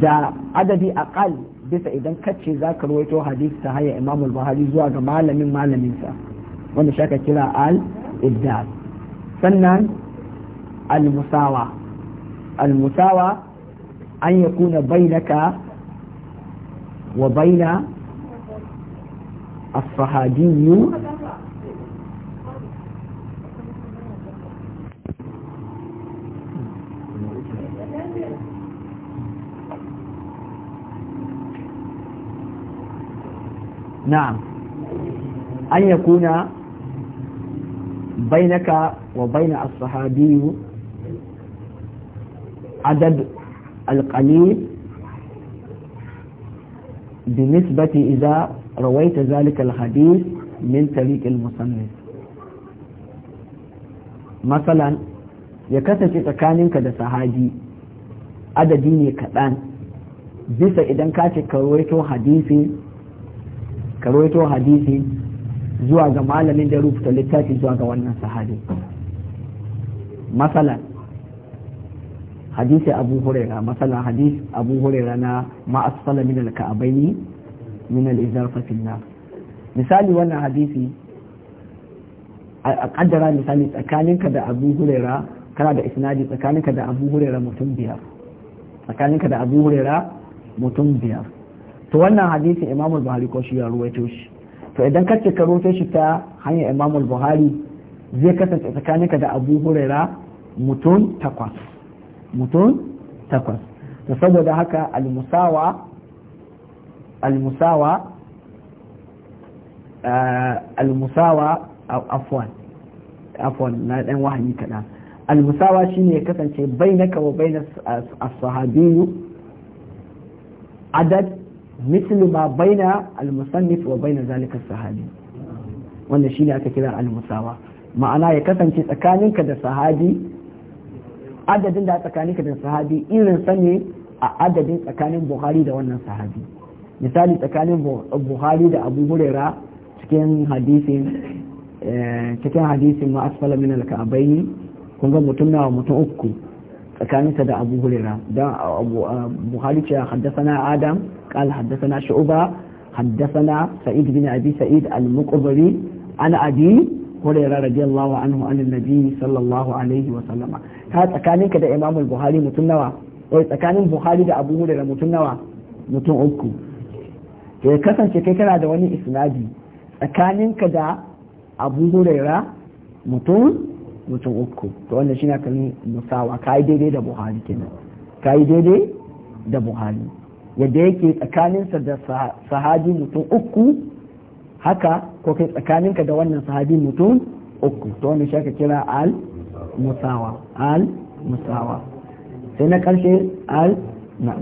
da adadi aqal bisa idan ka ce za ka rawaito hadis ta hanyar imam al-buhari zuwa ga malamin malaminsa wanda shi aka kira al-ibdal sannan al-musawa al-musawa an yakuna bainaka وبين الصحابي نعم أن يكون بينك وبين الصحابي عدد القليل بالنسبة إذا rawaita ذلك الحديث من طريق المصنف مثلا ya kasance tsakaninka da sahadi adadi ne kaɗan bisa idan ka ce karwaito hadisi karwaito hadisi zuwa ga malamin da rubuta littafi zuwa ga wannan sahabi masalan hadisi abu huraira masala hadisi abu huraira na ma asfala min al-ka'abaini min al-izar fatinna misali wannan hadisi a kaddara misali tsakaninka da abu huraira kana da isnadi tsakaninka da abu huraira mutum biyar tsakaninka da abu huraira mutum biyar to wannan hadisi imamu buhari ko shi ya ruwaito shi to idan ka ce ka ruwaito shi ta hanyar imamu buhari zai kasance tsakaninka da abu huraira mutum takwas mutum takwas ta saboda haka almusawa almusawa eh, almusawa afwan afwan na dan wahayi kaɗan almusawa shine ya kasance bainaka wa bainas as-sahabiyyu adad مثل ما بين المصنف وبين ذلك الصحابي wanda shi ne aka kira al-musawa ma'ana ya kasance tsakaninka da sahabi adadin da tsakanin ka da sahabi irin sa a adadin tsakanin buhari da wannan sahabi misali tsakanin buhari da abu huraira cikin hadisin eh, cikin hadisin ma asfala min al-ka'bayn kun ga mutum na mutum uku tsakanin da abu huraira dan eh, buhari ce haddathana adam qal haddathana shu'ba haddathana sa'id bin abi sa'id al-muqbari an abi huraira radiyallahu anhu an nabi sallallahu alaihi wa sallama ka tsakaninka da imamul buhari mutum nawa wai tsakanin buhari da abu da mutum nawa mutum uku to ya kasance kai kana da wani isnadi tsakaninka da abu huraira mutum mutum uku to wannan shi na kan musawa ka yi daidai da buhari kenan ka yi daidai da buhari yadda yake tsakaninsa da sahabi mutum uku haka ko kai tsakaninka da wannan sahabi mutum uku to wannan shi aka kira al المساواة المساواة هنا كان شيء ال نعم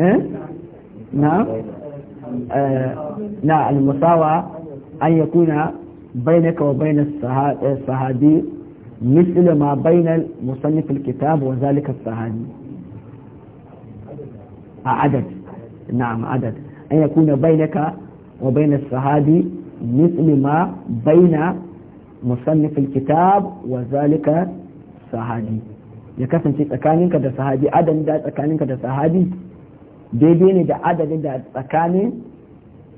إيه؟ نعم آه نعم المساواة أن يكون بينك وبين الصحابي مثل ما بين المصنف الكتاب وذلك الصحابي عدد نعم عدد أن يكون بينك وبين الصحابي مثل ما بين musannif kitab wa zalika sahabi ya kasance tsakaninka da sahabi adadin da tsakaninka da sahabi daidai ne da adadin da tsakanin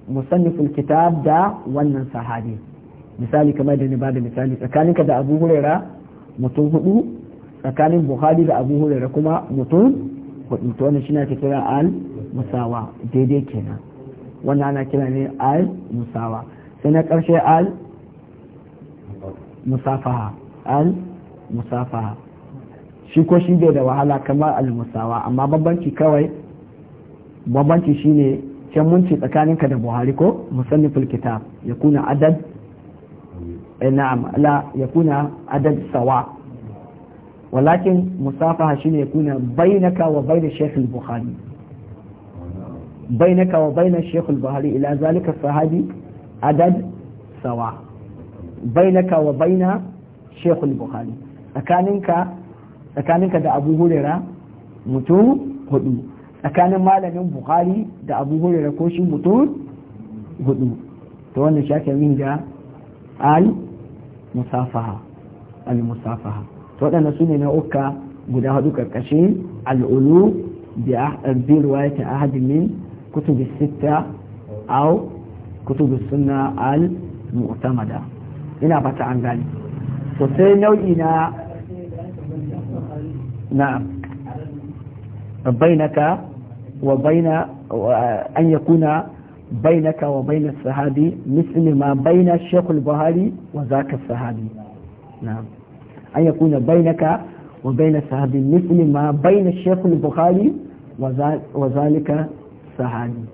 musannif kitab da wannan sahabi misali kamar da ni ba da misali tsakaninka da abu hurera mutum hudu tsakanin buhari da abu hurera kuma mutum hudu to wannan shine ake kira al musawa daidai kenan wannan ana kira ne al musawa sai na karshe al musafaha al musafaha shi ko shi bai da wahala kamar al musawa amma babbanci kawai babbanci shine can mun tsakaninka da buhari ko musannifin kitab ya kuna adad eh, na'am la ya kuna adad sawa walakin musafaha shine ya kuna bainaka wa bain shaykh al-bukhari bainaka wa bain shaykh al-bukhari ila zalika sahabi adad sawa bainaka wa baina shekul bukhari tsakaninka da abu hurera mutum hudu tsakanin malamin bukhari da abu hurera ko shi mutum hudu to wannan shafi da al musafaha al musafaha to waɗanda su ne guda hudu karkashin al'ulu ah-, bi riwayati ahadin min kutub sitta aw sunna al mu'tamada ina fata an gani to sai nau'i na na bainaka wa baina an yakuna bainaka wa baina sahabi misli ma baina shekul buhari wa zaka sahabi na'am an yakuna bainaka wa baina sahabi misli ma baina shekul buhari wa zalika sahabi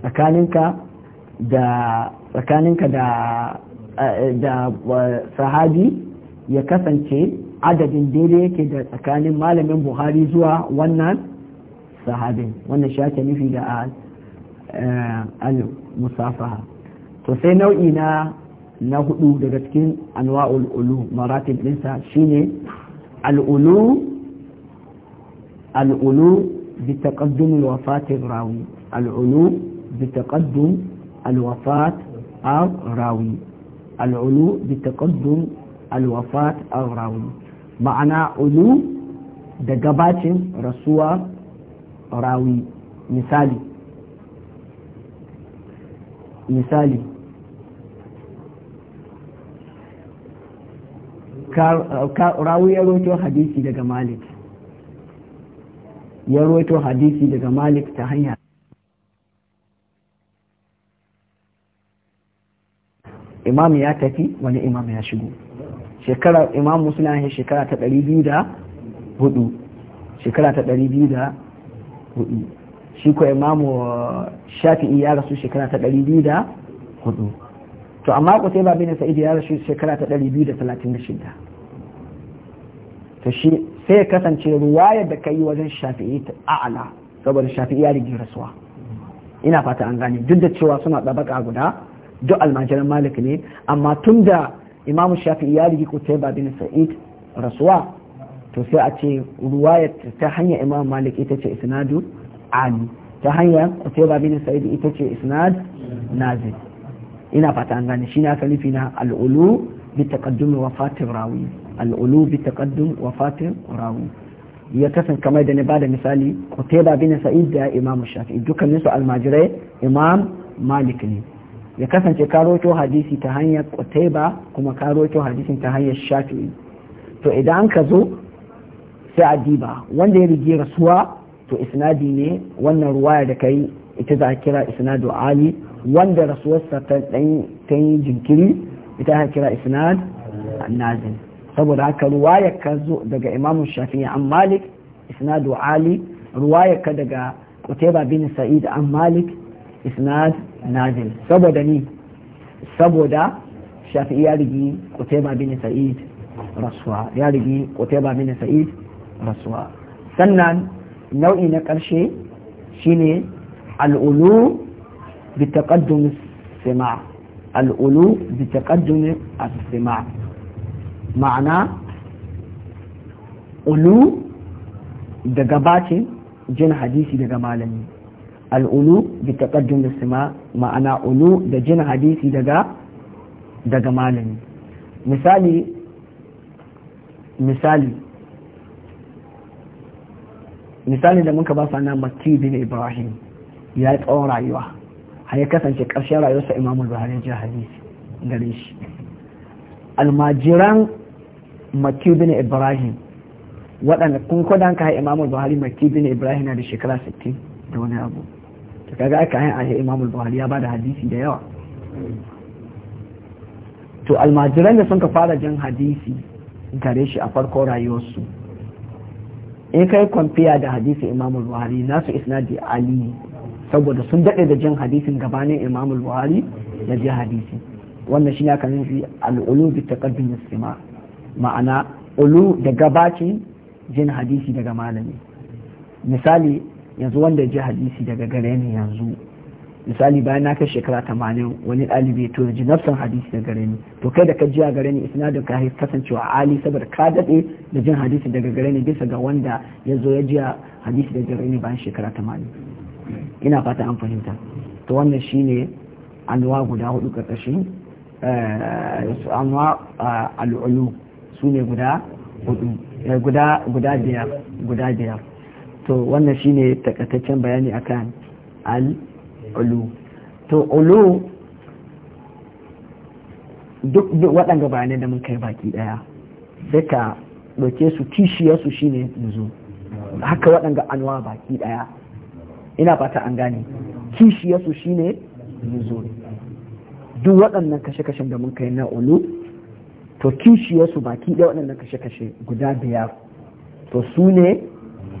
tsakaninka da tsakaninka da da sahabi ya kasance adadin daidai yake da tsakanin malamin buhari zuwa wannan sahabin wannan shi ake nufi da al-musafaha to sai nau'i na na hudu daga cikin anwa'ul ulu maratib ɗinsa shine al'ulu al'ulu bi taqaddum al-wafat rawi al'ulu bi taqaddum al-wafat rawi al'ulu bi taqaddum alwafat ar-rawi ma'ana ulu da gabacin rasuwa rawi misali misali rawi hadisi daga malik ya hadisi daga malik ta hanya imam ya tafi wani imam ya shigo shekara imam musulun ya shekara ta ɗari biyu da hudu shekara ta ɗari biyu da hudu shi ko imamu uh, shafi'i ya rasu shekara ta ɗari biyu da hudu to amma ku sai babi na sa'idu ya rasu shekara ta ɗari biyu da talatin da shida to shi sai ya kasance ruwaya da ka yi wajen shafi'i ta a'ala saboda shafi'i ya rigi rasuwa ina fata an gane duk da cewa suna ɗabaka guda duk almajiran malik ne amma tun da imam shafi ya rigi kutaiba bin sa'id rasuwa to sai a ce ruwaya ta hanyar imam malik ita ce isnadu ali ta hanyar kutaiba bin sa'id ita ce isnad nazi ina fata an gane shi ne aka nufi na al'ulu bi taqaddum wafatir rawi al'ulu bi taqaddum wafatir rawi ya kasan kamar da ni da misali kutaiba bin sa'id da imam shafi dukkanin su almajirai imam malik ne ya kasance ka hadisi ta hanyar kutaiba kuma ka roto hadisin ta hanyar shafi'i to idan ka zo sai a diba wanda ya rige rasuwa to isnadi ne wannan ruwaya da kai ita za a kira isnadu ali wanda rasuwarsa ta ɗan ta yi jinkiri ita a kira isnad nazin saboda haka ruwaya ka zo daga imamu shafi'i an malik isnadu ali ruwaya ka daga kutaiba bin sa'id an malik isnad nazil saboda ni saboda shafi ya rigi kutaiba bin sa'id rasuwa ya rigi kutaiba bin sa'id rasuwa sannan nau'i na ƙarshe shine al'ulu bi taqaddum sima al'ulu bi taqaddum sima ma'ana ulu da gabacin jin hadisi daga malami al'ulu bi taqaddum bisma ma'ana ulu da jin hadisi daga daga malami misali misali misali da muka ba su nan Makki bin ibrahim ya yi tsawon rayuwa har ya kasance ƙarshen rayuwarsa imamu buhari ji hadisi gare shi almajiran Makki bin ibrahim waɗanda kun kodanka imamu buhari Makki bin ibrahim na da shekara 60 da wani abu ta kaga aka yi ayi Imam al-Bukhari ya bada hadisi da yawa to almajiran da sun ka fara jin hadisi gare shi a farko rayuwarsu in kai kwamfiya da hadisi Imam buhari bukhari nasu isnadi ali saboda sun daɗe da jin hadisin gabanin Imam al-Bukhari ya ji hadisi wannan shi ne aka nufi al-ulu bi taqaddum istima ma'ana ulu da gabaci jin hadisi daga malami misali yanzu wanda ya ji hadisi daga gare ni yanzu misali bayan na kai shekara tamanin wani ɗalibi to ji nafsan hadisi daga gare ni to kai da ka ji a gare ni isnadin ka kasancewa ali saboda ka daɗe da jin hadisi daga gare ni bisa ga wanda ya zo ya ji hadisi daga gare ni bayan shekara tamanin ina fata an fahimta to wannan shine anwa guda hudu ƙarƙashin eh, anwa eh, al'ulu su ne guda hudu eh, guda biyar guda biyar to wannan shine takataccen bayani akan al-ulu to ulu duk waɗanda bayanai da mun kai baki ɗaya sai ka ɗauke su kishiyarsu shine nuzu haka waɗanda anwa baki ɗaya ina fata an gane kishiyarsu shine nuzu duk waɗannan kashe-kashen da mun kai na ulu to kishiyarsu baki ɗaya waɗannan kashe-kashe guda biyar to su ne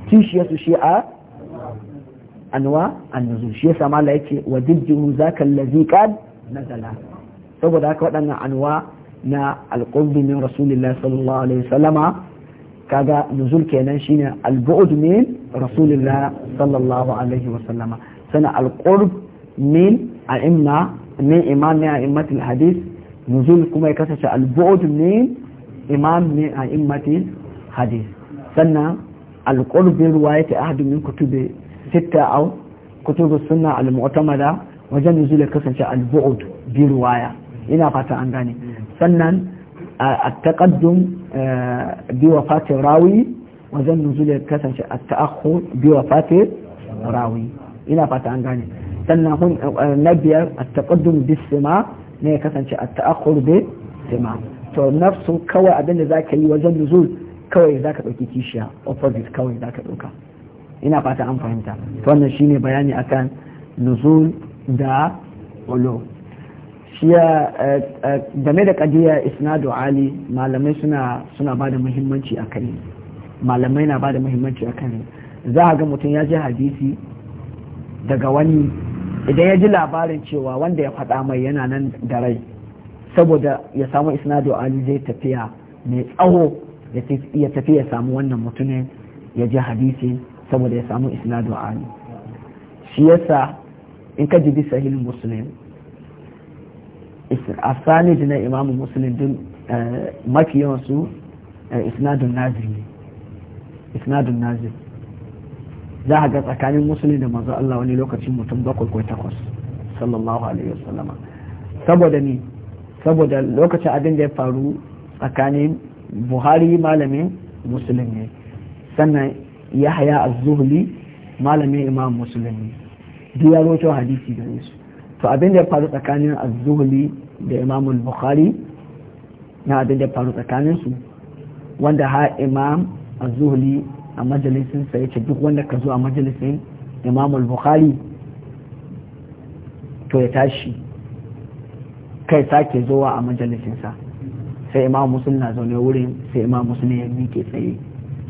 kishiyarsu shi a anwa annuzul shi yasa mala yake wa za ka allazi na zala saboda haka waɗannan anwa na alqurbi min rasulillah sallallahu alaihi wasallama kaga nuzul kenan shine albu'd min rasulillah sallallahu alaihi wa sallama sana alqurb min a'imma min imam ne a'immatul hadith nuzul kuma ya kasance albu'd min imam ne a'immatul hadith sannan القرب من رواية أحد من كتب ستة أو كتب السنة المعتمدة وجن نزول كسنة البعد برواية إنا قطع عنداني سنة آه، التقدم آه، بوفاة راوي وجن نزول كسنة التأخر بوفاة راوي إنا قطع عنداني سنة آه، نبي التقدم بالسماء نيكسنة التأخر بالسماء تو نفسه كوى أدن ذاك وجن نزول kawai za ka ɗauki kishiya opposite kawai za ka ɗauka ina fata an fahimta to wannan shi ne bayani akan nuzul da ulu shiya eh, eh, game da kadiya isnadu ali malamai suna suna da muhimmanci a akan malamai na da muhimmanci a akan za a ga mutum ya ji hadisi daga wani idan ya ji labarin cewa wanda ya faɗa mai yana nan da rai saboda ya samu isnadu ali zai tafiya mai tsawo ya tafi ya samu wannan mutumin ya ji hadisi saboda ya samu isnadu ali shi yasa in ka jibi sahihin muslim asanid na imamu muslim din eh, mafi yawansu eh, isnadun nazir ne isnadun nazir za a ga tsakanin musulmi da manzo Allah wani lokacin mutum bakwai ko takwas sallallahu alaihi wasallama saboda ni saboda lokacin abin da ya faru tsakanin buhari malamin musulmi sannan yahaya az-zuhli malamin imam musulmi duk ya rawaito hadisi gare su to abin da ya faru tsakanin az-zuhli da imam bukhari na abin da ya faru tsakanin su wanda ha imam az-zuhli a majalisin sa yace duk wanda ka zo a majalisin imam bukhari to ya tashi kai sake zuwa a majalisinsa sai imam musulun na zaune wurin sai imam musulun ya mike tsaye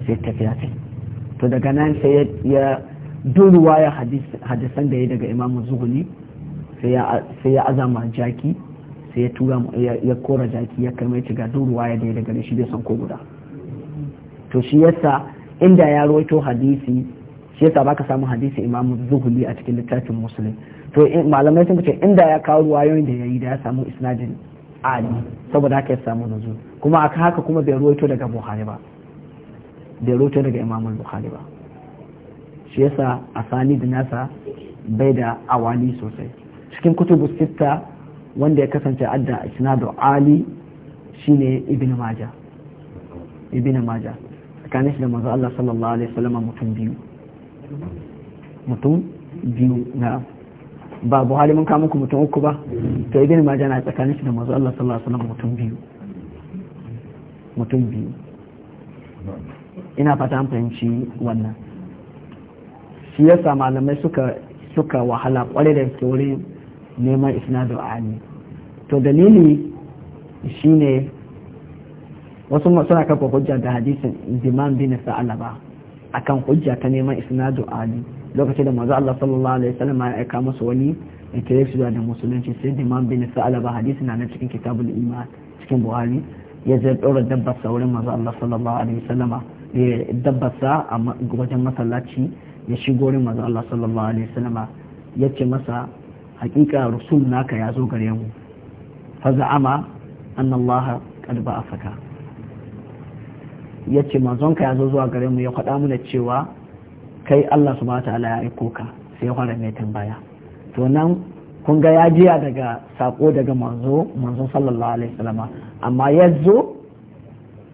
sai tafiya sai to daga nan sai ya duruwa ya hadisan da ya daga imam zuhuni sai ya azama jaki sai ya tura ya kora jaki ya kai mai ga duruwa ya da daga shi bai san ko guda to shi yasa inda ya roito hadisi shi yasa baka samu hadisi imam zuhuli a cikin littafin musulun to malamai sun ce inda ya kawo ruwayoyin da ya yi da ya samu isnadin ali saboda haka ya samu nuzul kuma aka haka kuma bai ruwaito daga buhari ba bai ruwaito daga imaman buhari ba shi yasa a sani da nasa bai da awali sosai cikin kutubu sitta wanda ya kasance adda isnadu ali shine ibn maja ibn Majah tsakanin shi da manzo Allah sallallahu alaihi wasallam mutum biyu mutum biyu na ba buhari mun kama mutum uku ba to idan ma jana tsakanin shi da manzo Allah sallallahu alaihi wasallam mutum biyu mutum biyu ina fata an fahimci wannan shi yasa malamai suka suka wahala kware da gaske wurin neman isnadu ali to dalili shine wasu suna kafa hujja da hadisin diman bin sa'alaba akan hujja ta neman isnadu ali lokacin da manzo Allah sallallahu alaihi wasallam ya aika masa wani interview da musulunci sai da man bin ba hadisi na cikin kitabul iman cikin Buhari ya zai ɗora dabba saurin wurin manzo Allah sallallahu alaihi wasallam ya dabba sa a wajen masallaci ya shigo wurin manzo Allah sallallahu alaihi wasallam ya ce masa hakika rusul naka ya zo gare mu fa za'ama anna Allah qad ba'athaka ya ce ka ya zo zuwa gare mu ya faɗa mana cewa kai Allah su ba ta ala ya aiko ka sai ya fara mai tambaya to nan kun ga ya jiya daga sako daga manzo manzo sallallahu alaihi wasallam amma yazo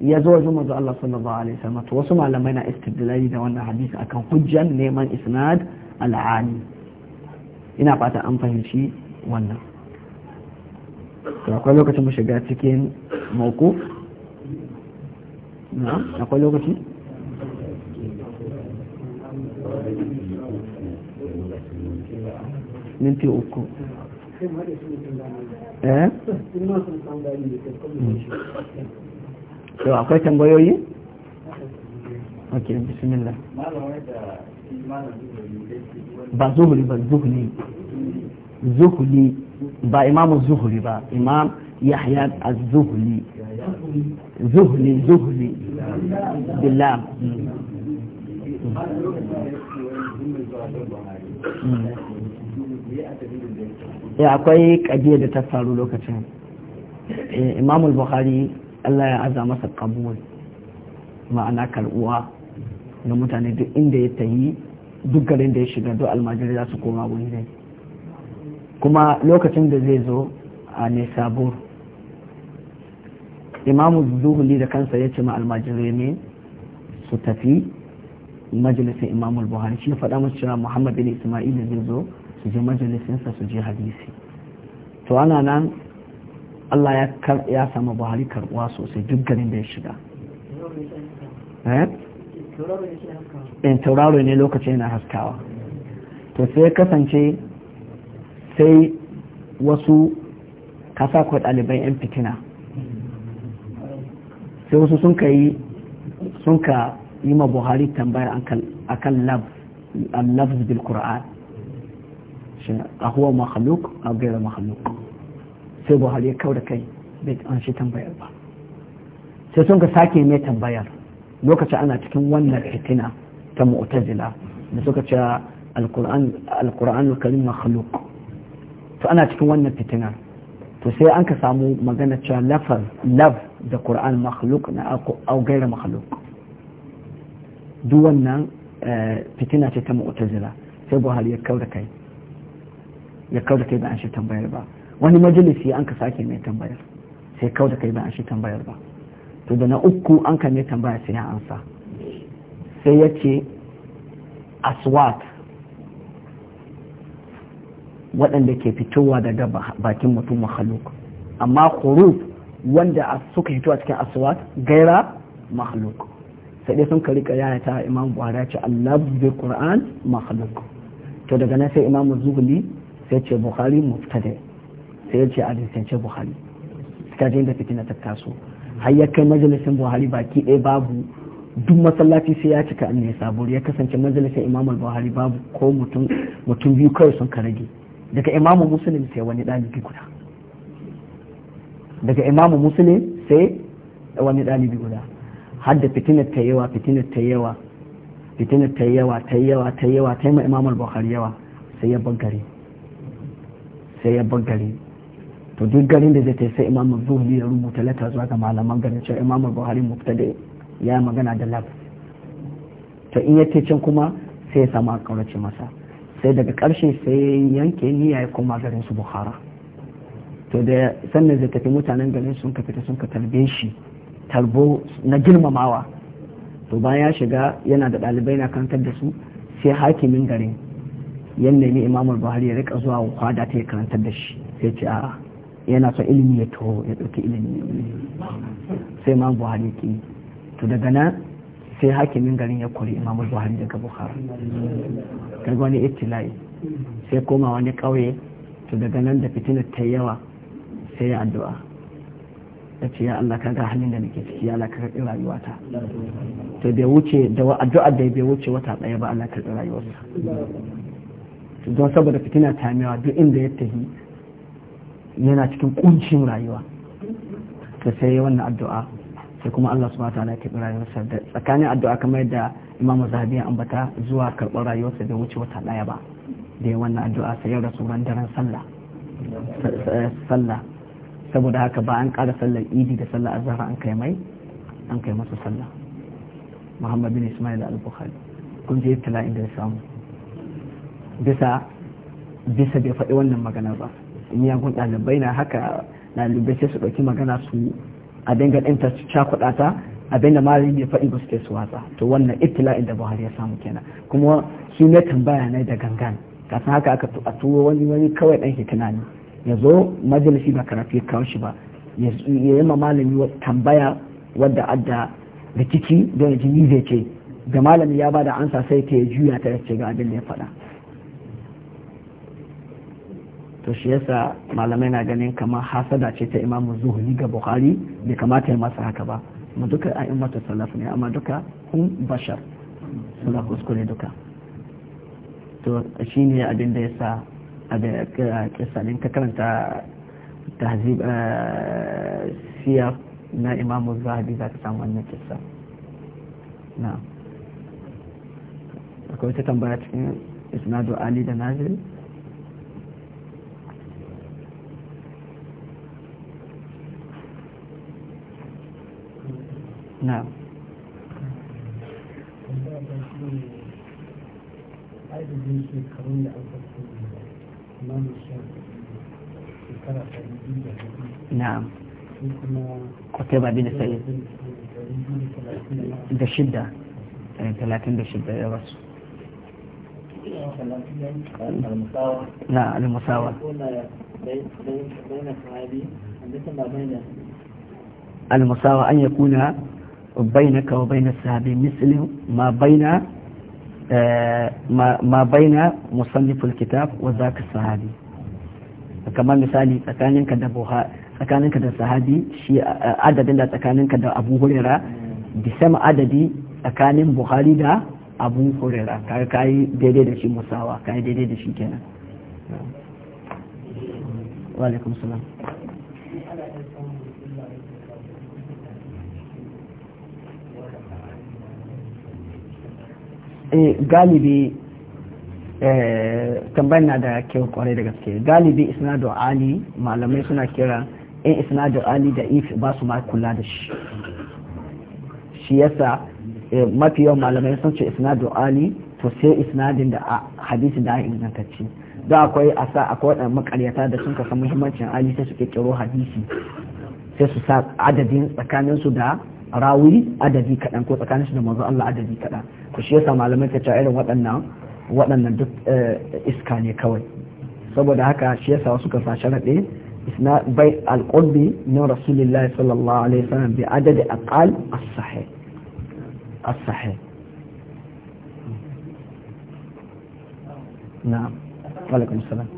ya zo wajen manzo Allah sallallahu alaihi wasallam to wasu malamai na istidlali da wannan hadisi akan hujjan neman isnad al'ani ina fata an fahimci wannan akwai lokacin mu shiga cikin mawquf na akwai lokaci minti uku yau eh? akwai tambayoyi? ok bismillah ba zuhuri ba zuhuri zuhuri ba imamu zuhuri ba imam yahya az-zuhuri zuhuri zuhuri billa. Mm. Hmm. ya eh, akwai kadiyar da ta faru lokacin eh, imamul bukhari Allah ya aza masa kabul ma'ana karbuwa ga mutane duk inda ya tayi duk garin da ya shiga duk almajirai za su koma wuri kuma lokacin da zai zo a nesabur imamu zuhuli da kansa ya ce ma almajirai ne su tafi majalisar imamul buhari shi ya faɗa musu cewa muhammad bin ismail zai zo su ji majalisinsa su je hadisi to ana nan Allah ya samu buhari karbuwa sosai duk garin da ya shiga in eh? eh, tauraro ne lokacin yana haskawa to sai kasance sai wasu kasa kwa ɗaliban 'yan fitina sai wasu sun ka yi sun ka yi ma buhari tambayar akan labs bil qur'an shi huwa makhluk a gaira makhluk sai buhari ya kau da kai bai an shi tambayar ba sai sun ka sake mai tambayar lokacin ana cikin wannan fitina ta mu'tazila da suka ce alkur'an karim makhluk to ana cikin wannan fitina to sai an ka samu magana cewa lafaz laf da qur'an makhluk na au gaira makhluk duk wannan fitina ce ta mu'tazila sai buhari ya kau da kai ya kauda kai ba an shi tambayar ba wani majalisi an ka sake mai tambayar sai kauda kai ba an shi tambayar ba to da na uku an ka mai tambaya sai ya ansa sai ya ce aswat waɗanda ke fitowa daga bakin mutum makhluk amma huruf wanda suka fito a cikin aswat gaira makhluk sai dai sun karika yaya ta imam buhari ya ce allah bi qur'an makhluk to daga nan sai imam zuhuli sai ce bukhari mubtada sai ce a sai ce bukhari ta je da fitina ta taso har ya kai majalisin buhari baki ɗaya babu duk masallaci sai ya cika an ne ya kasance majalisin imam buhari babu ko mutum mutum biyu kawai sun karage daga imamu muslim sai wani ɗalibi guda daga imamu muslim sai wani ɗalibi guda har da fitinar ta yawa fitinar ta yawa fitinar ta yawa ta yawa ta yawa ta yi ma imam buhari yawa sai ya bangare sai ya bar gari to duk garin da zai ta sai imamu zuhri ya rubuta lata zuwa ga malaman garin cewa imamu buhari muftade ya yi magana da lab to in yace can kuma sai ya samu kaurace masa sai daga karshe sai ya yanke niyya ya koma garin su buhara to da sannan zai tafi mutanen garin sun ka fita sun ka tarbe shi tarbo na girmamawa to bayan ya shiga yana da ɗalibai na kantar da su sai hakimin garin Yan ne imamul buhari ya rika zuwa da ta ya karantar da shi sai ce a yana son ilimi ya to ya ɗauki ilimi sai imamul buhari ya kini to daga nan sai hakimin garin ya kori imamul buhari daga bukhari daga wani itilai sai koma wani ƙauye to daga nan da fitinar ta yawa sai ya addu'a ta ce ya Allah kaga halin da nake ciki ya Allah ka karɓi rayuwata to bai wuce da addu'ar da bai wuce wata ɗaya ba Allah ka karɓi rayuwarsa don saboda fitina tamewa duk inda ya tafi yana cikin kuncin rayuwa da sai yi wannan addu'a sai kuma Allah subhanahu ta'ala ya karɓi rayuwarsa da tsakanin addu'a kamar yadda Imam Zahabi ya ambata zuwa karɓar rayuwarsa bai wuce wata ɗaya ba da wannan addu'a sai ya rasu ran daren sallah sallah saboda haka ba an ƙara sallar idi da sallar azhar an kai mai an kai masa sallah Muhammad bin Ismail al-Bukhari kun je tala inda ya samu bisa bisa bai faɗi wannan magana ba miyagun ɗalibai na haka ɗalibai sai su ɗauki magana su a dinga ɗinta su cakuɗa ta abin da malami bai faɗi ba suke su watsa to wannan itila'in da buhari ya samu kenan kuma shi ne tambaya ne da gangan kasan haka aka a turo wani wani kawai ɗan hitina ne ya zo majalisi ba karafi ya kawo shi ba ya yi ma malami tambaya wadda adda rikici don ya ji ni zai ce da malami ya bada ansa sai ta ya juya ta ya ce ga abin da ya faɗa to shi yasa malamai na ganin kamar hasada ce ta imamu zuhuri ga buhari bai kamata ya masa haka ba Maduka duka a mata salaf ne amma duka hun bashar suna kuskure duka to shi ne abin da ya sa kisa ka karanta tahzib eh, siyaf na imamu zahabi za ka samu wannan kisa na akwai ta tambaya cikin isnadu ali da naziri نعم نعم قتيبة بن سعيد ده شدة يعني ثلاثين ده شدة يا بس لا المساواة المساواة أن يكون بينك wa bainas sahabi ما ma baina بين مصنف الكتاب وذاك wa zaka sahabi kamar misali tsakaninka da buha tsakaninka da sahabi shi adadin da tsakaninka da abu hurera da sama adadi tsakanin buhari da abu hurera ka kayi daidai da shi musawa yi daidai da shi kenan Eh, galibi eh, tambayar na da kyau kwarai da gaske galibi isnadu ali malamai suna kira in isnadu ali da if ba su ma kula da shi shi yasa eh, mafi yawan malamai sun ce isnadu ali to sai isnadin da hadisi da ingantacce da akwai asa akwai waɗanda makaryata da sun kasa muhimmancin ali sai su kirkiro hadisi sai su sa adadin tsakaninsu da rawi adadi kaɗan ko tsakanin shi da manzo Allah adadi kaɗan to shi yasa malamai ta ce irin waɗannan waɗannan duk iska ne kawai saboda haka shi yasa wasu ka sa sharaɗe isna bai alqurbi min rasulillahi sallallahu alaihi wasallam bi adad aqal as-sahih as-sahih na'am wa alaikum salam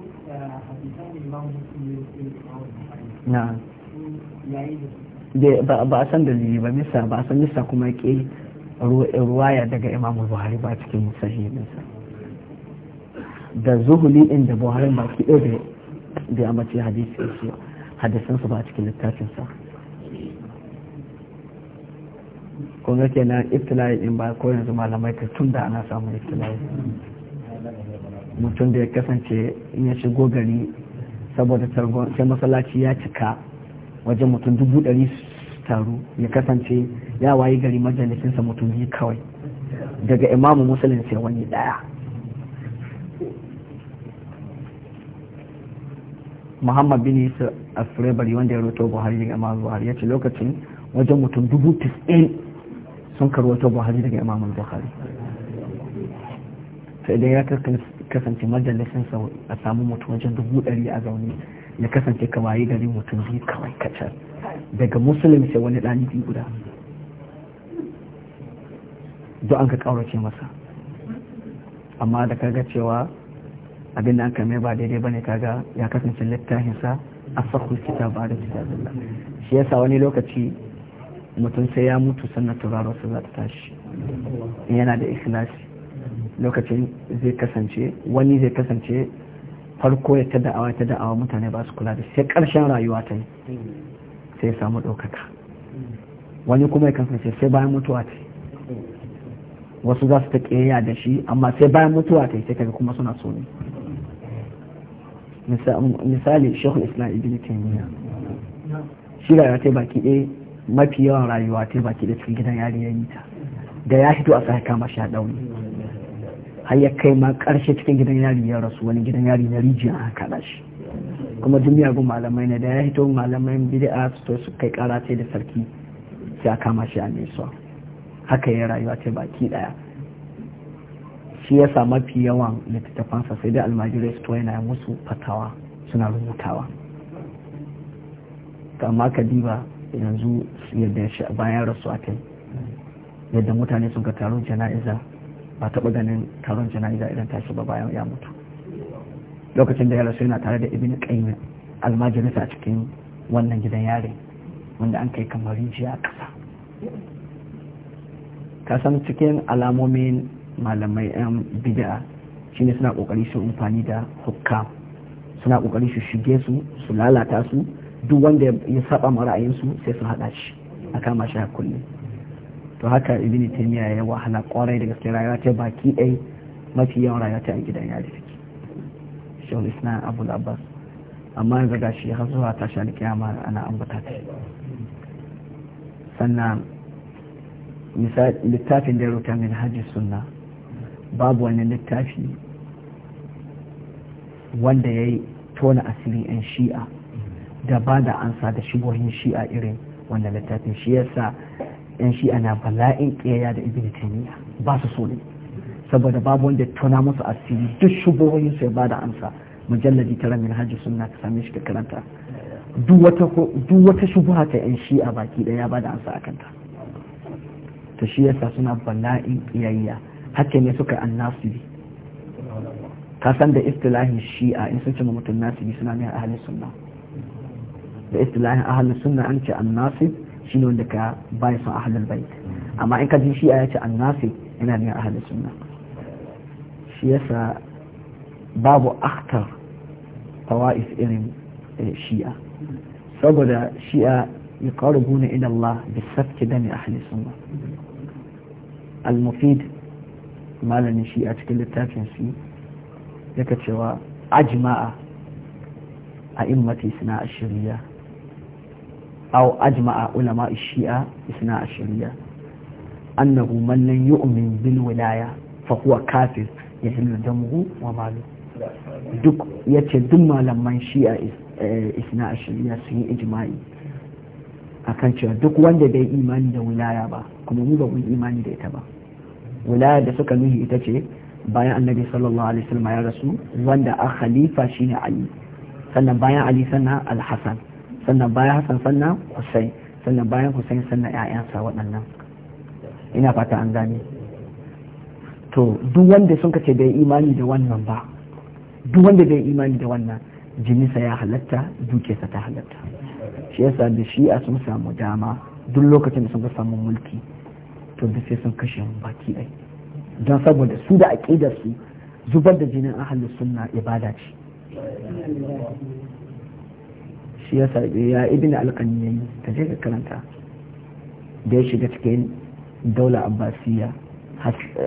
na'am ba a san dalili ba misa ba a san misa kuma ke ruwaya daga imam buhari ba cikin nisa da zuhuli inda da buhari ba ki ɗaya da ya mace hadisi su hadisan su ba cikin littafin sa kun ga kenan iftila'i in ba ko yanzu malamai ka tun da ana samun iftila'i mutum da ya kasance in ya shigo gari saboda targon sai masallaci ya cika wajen mutum dubu ɗari taru ya kasance ya wayi gari majalisinsa mutum biyu kawai daga imamu musulun sai wani ɗaya muhammad bin yusuf asrebari wanda ya roto buhari daga imamu buhari ya ce lokacin wajen mutum dubu tis'in sun karwato buhari daga imamu buhari sai dai ya kasance majalisinsa a samu mutum wajen dubu ɗari a zaune ya kasance ka wayi gari mutum biyu kawai kacal daga musulun sai wani biyu guda duk an ka ƙaurace masa amma da ka ga cewa abin da an kame ba daidai bane ga ya kasance littafinsa a sakul kitab ba da kitabillah shi yasa wani lokaci mutum sai ya mutu sannan turaro su za ta tashi yana da ikhlasi lokacin zai kasance wani zai kasance farko ya ta da'awa ta da'awa mutane ba su kula da sai ƙarshen rayuwa ta yi sai ya samu ɗaukaka wani kuma ya kansance sai bayan mutuwa ta yi wasu za su ta ƙeya da shi amma sai bayan mutuwa ta yi sai kaga kuma suna so ne misali shehu islam ibn taymiya shi rayuwa ta baki ɗaya mafi yawan rayuwa ta baki ɗaya cikin gidan yari ya yi ta da ya hito a sa kama shi a ɗauni har ya kai ma karshe cikin gidan yari ya rasu wani gidan yari na rijiya a kada shi kuma duk miyagun malamai na da ya hito malamai bid'a su su kai kara sai da sarki sai a kama shi a nesa haka ya rayuwa ta baki daya shi ya mafi yawan littattafansa sai da almajirai su yana musu fatawa suna rubutawa amma ka diba yanzu yadda bayan rasu a kai yadda mutane sun ka taron jana'iza ba taɓa ganin taron jana'iza idan ta shi ba bayan ya mutu lokacin da ya rasu yana tare da ibini ƙaimin almajirinsa a cikin wannan gidan yare wanda an kai kamarin rijiya a ƙasa ka san cikin alamomin malamai yan um, bid'a shine suna ƙoƙari su amfani da hukka suna ƙoƙari su shige su su lalata su duk wanda ya saba ma ra'ayin sai su haɗa shi a kama shi a kullum to haka ta taymiya ya wahala kwarai da gaske rayuwa ta baki ɗai mafi yawan rayuwa ta a gidan yari take shawar isna abu labar amma yanzu ga shi har zuwa shani alkiyama ana ambata ta sannan littafin da ya rubuta min hajji sunna babu wani littafi wanda ya yi tona asirin 'yan shi'a da ba da ansa da shigohin shi'a irin wanda littafin shi yasa yan shi ana bala'in ƙiyayya da ibn taymiya ba su so ne saboda babu wanda tona musu asiri duk shubohin su ya bada amsa mujalladi ta min hajji sunna ta same shi ka karanta duk wata shubuha ta yan shi a baki ɗaya ya bada amsa akan ta to shi yasa suna bala'in ƙiyayya hakke ne suka annasibi ka san da istilahin shi'a in sun ce mutum nasibi suna mai ahalin sunna da istilahin ahalin sunna an ce annasib shine wanda ka bai sa ahlul bait amma in ka ji shi ayati an nafi ina ne ahlul sunna shi yasa babu akhtar tawaif irin eh, shi'a saboda shi'a yaqarubuna ila Allah bisafk dami ahlul sunna al-mufid malamin shi'a cikin littafin shi yake cewa ajma'a a immati a shirya. أو أجمع علماء الشيعة إثناء الشريعة أنه من لم يؤمن بالولاية فهو كافر يحل دمه وماله duk ya ce duk malaman shi'a isna a shirya sun yi ijma'i akan cewa duk wanda bai imani da wilaya ba kuma mu ba mu imani da ita ba wilaya da suka nuhi ita ce bayan annabi sallallahu alaihi wasallam ya rasu wanda a khalifa shine ali sannan bayan ali sannan al-hasan sannan bayan Hassan sannan kusai sannan bayan kusai sannan 'ya'yansa waɗannan ina fata an gane to duk wanda sun kace bai imani da wannan ba duk wanda bai imani da wannan jininsa ya halatta dukiyarsa ta halatta shi yasa da shi'a sun samu dama duk lokacin da sun ga samun mulki to da sai sun kashe baki ɗaya don saboda su da aqidar su zubar da jinin ahlus sunna ibada ce shi ya sabi ya ibn alƙani ya ka je ka karanta da ya shiga cikin daula abbasiya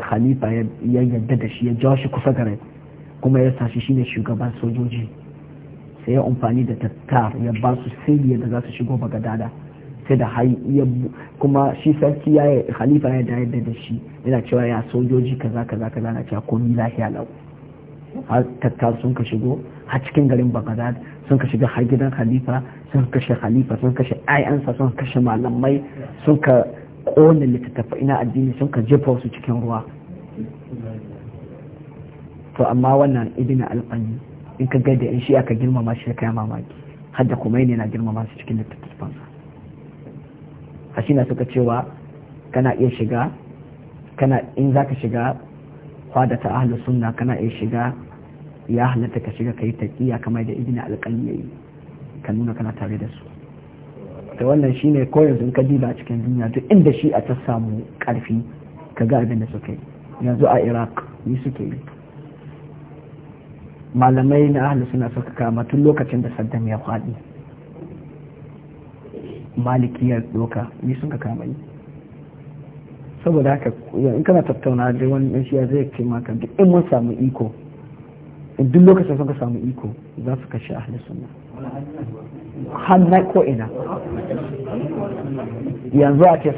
khalifa ya yadda da shi ya jawo shi kusa gare kuma ya sa shi shine shugaban sojoji sai ya amfani da tattar ya ba su sirriya da za su shigo bagadada sai da ya kuma shi sarki ya khalifa ya da yadda da shi yana cewa ya sojoji kaza kaza kaza na cewa komi lahiya lau har tattar sun ka shigo a cikin garin baghdad sun ka shiga gidan khalifa sun kashe khalifa sun kashe ayansa sun kashe malamai sun ka kone littattafai na addini sun ka jefa wasu cikin ruwa to amma wannan ibn alqani in ka gaida in shi aka girmama shi kai mamaki hadda kuma ne na girmama shi cikin littattafansa a shi na suka cewa kana iya shiga kana in zaka shiga fada ta ahlus sunna kana iya shiga ya halatta ka shiga ka kai taƙiya kamar da ibn alqayyim ka nuna kana tare da su ta wannan shine ko yanzu ka diba cikin duniya duk inda shi a ta samu karfi ka ga abin da suka yi yanzu a iraq ni suke yi malamai na ahli suna suka kama tun lokacin da saddam ya faɗi malikiyar doka ni sun ka kama yi saboda haka in kana tattauna da wani ɗan shiya zai ce maka duk in mun samu iko duk lokacin suka samu iko za su kashe ahli sunna har na ko ina yanzu a ce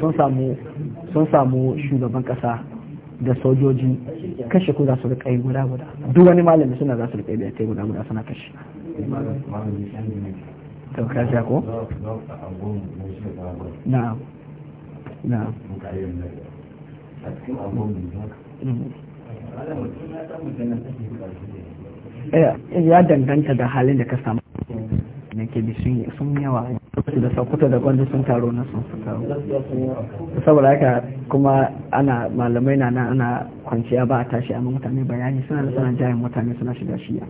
sun samu shugaban kasa da sojoji kashe ko za su rika yi guda guda duk wani malami suna za su rika yi ta guda guda suna kashe to ko na'am na'am a cikin abubuwan da Eh, ya danganta da halin da ka samu ne ke bi sun yawa su da saukuta da gwanda sun taro na sun suka saboda haka kuma ana malamai na nan ana kwanciya ba a tashi amma mutane bayani suna da sanar jayin mutane suna shiga shiya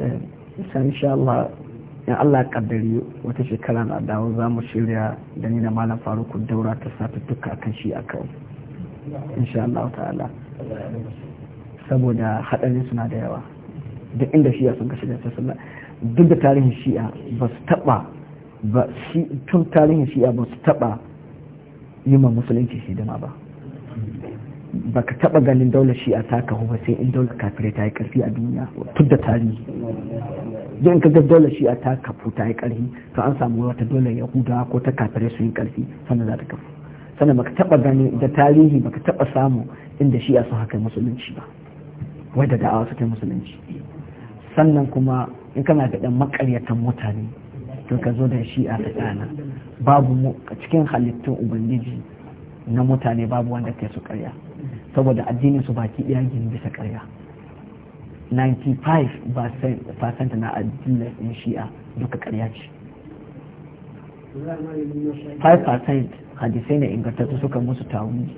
eh, san insha Allah in Allah kaddari wata shekara na dawo za mu shirya da ni da malam faruku daura ta satuttuka kan shi a kawai insha Allah ta'ala saboda haɗarin suna da yawa duk inda shi'a sun kashe da suna. duk da tarihin shi'a ba su taɓa ba shi tun tarihin shi'a ba su taɓa yi ma musulunci dama ba ba ka taɓa ganin daular shi'a ta kahu ba sai in daular kafirai ta yi karfi a duniya tun da tarihi in ka ga daular shi'a ta kafu ta yi karfi to an samu wata dole yahuda ko ta kafirai su yi karfi sannan za ta kafu sannan baka taɓa gani da tarihi baka taɓa samu inda shi'a su sun haka musulunci ba wadda da'awa suke musulunci sannan kuma in kana da ɗan makaryatan mutane to ka zo da shi a tsakana babu cikin halittun ubangiji na mutane babu wanda ke su karya saboda addinin su baki ɗaya gini bisa karya 95% na addinin shi'a duka karya ce 5% hadisai na ingantattu suka musu tawuni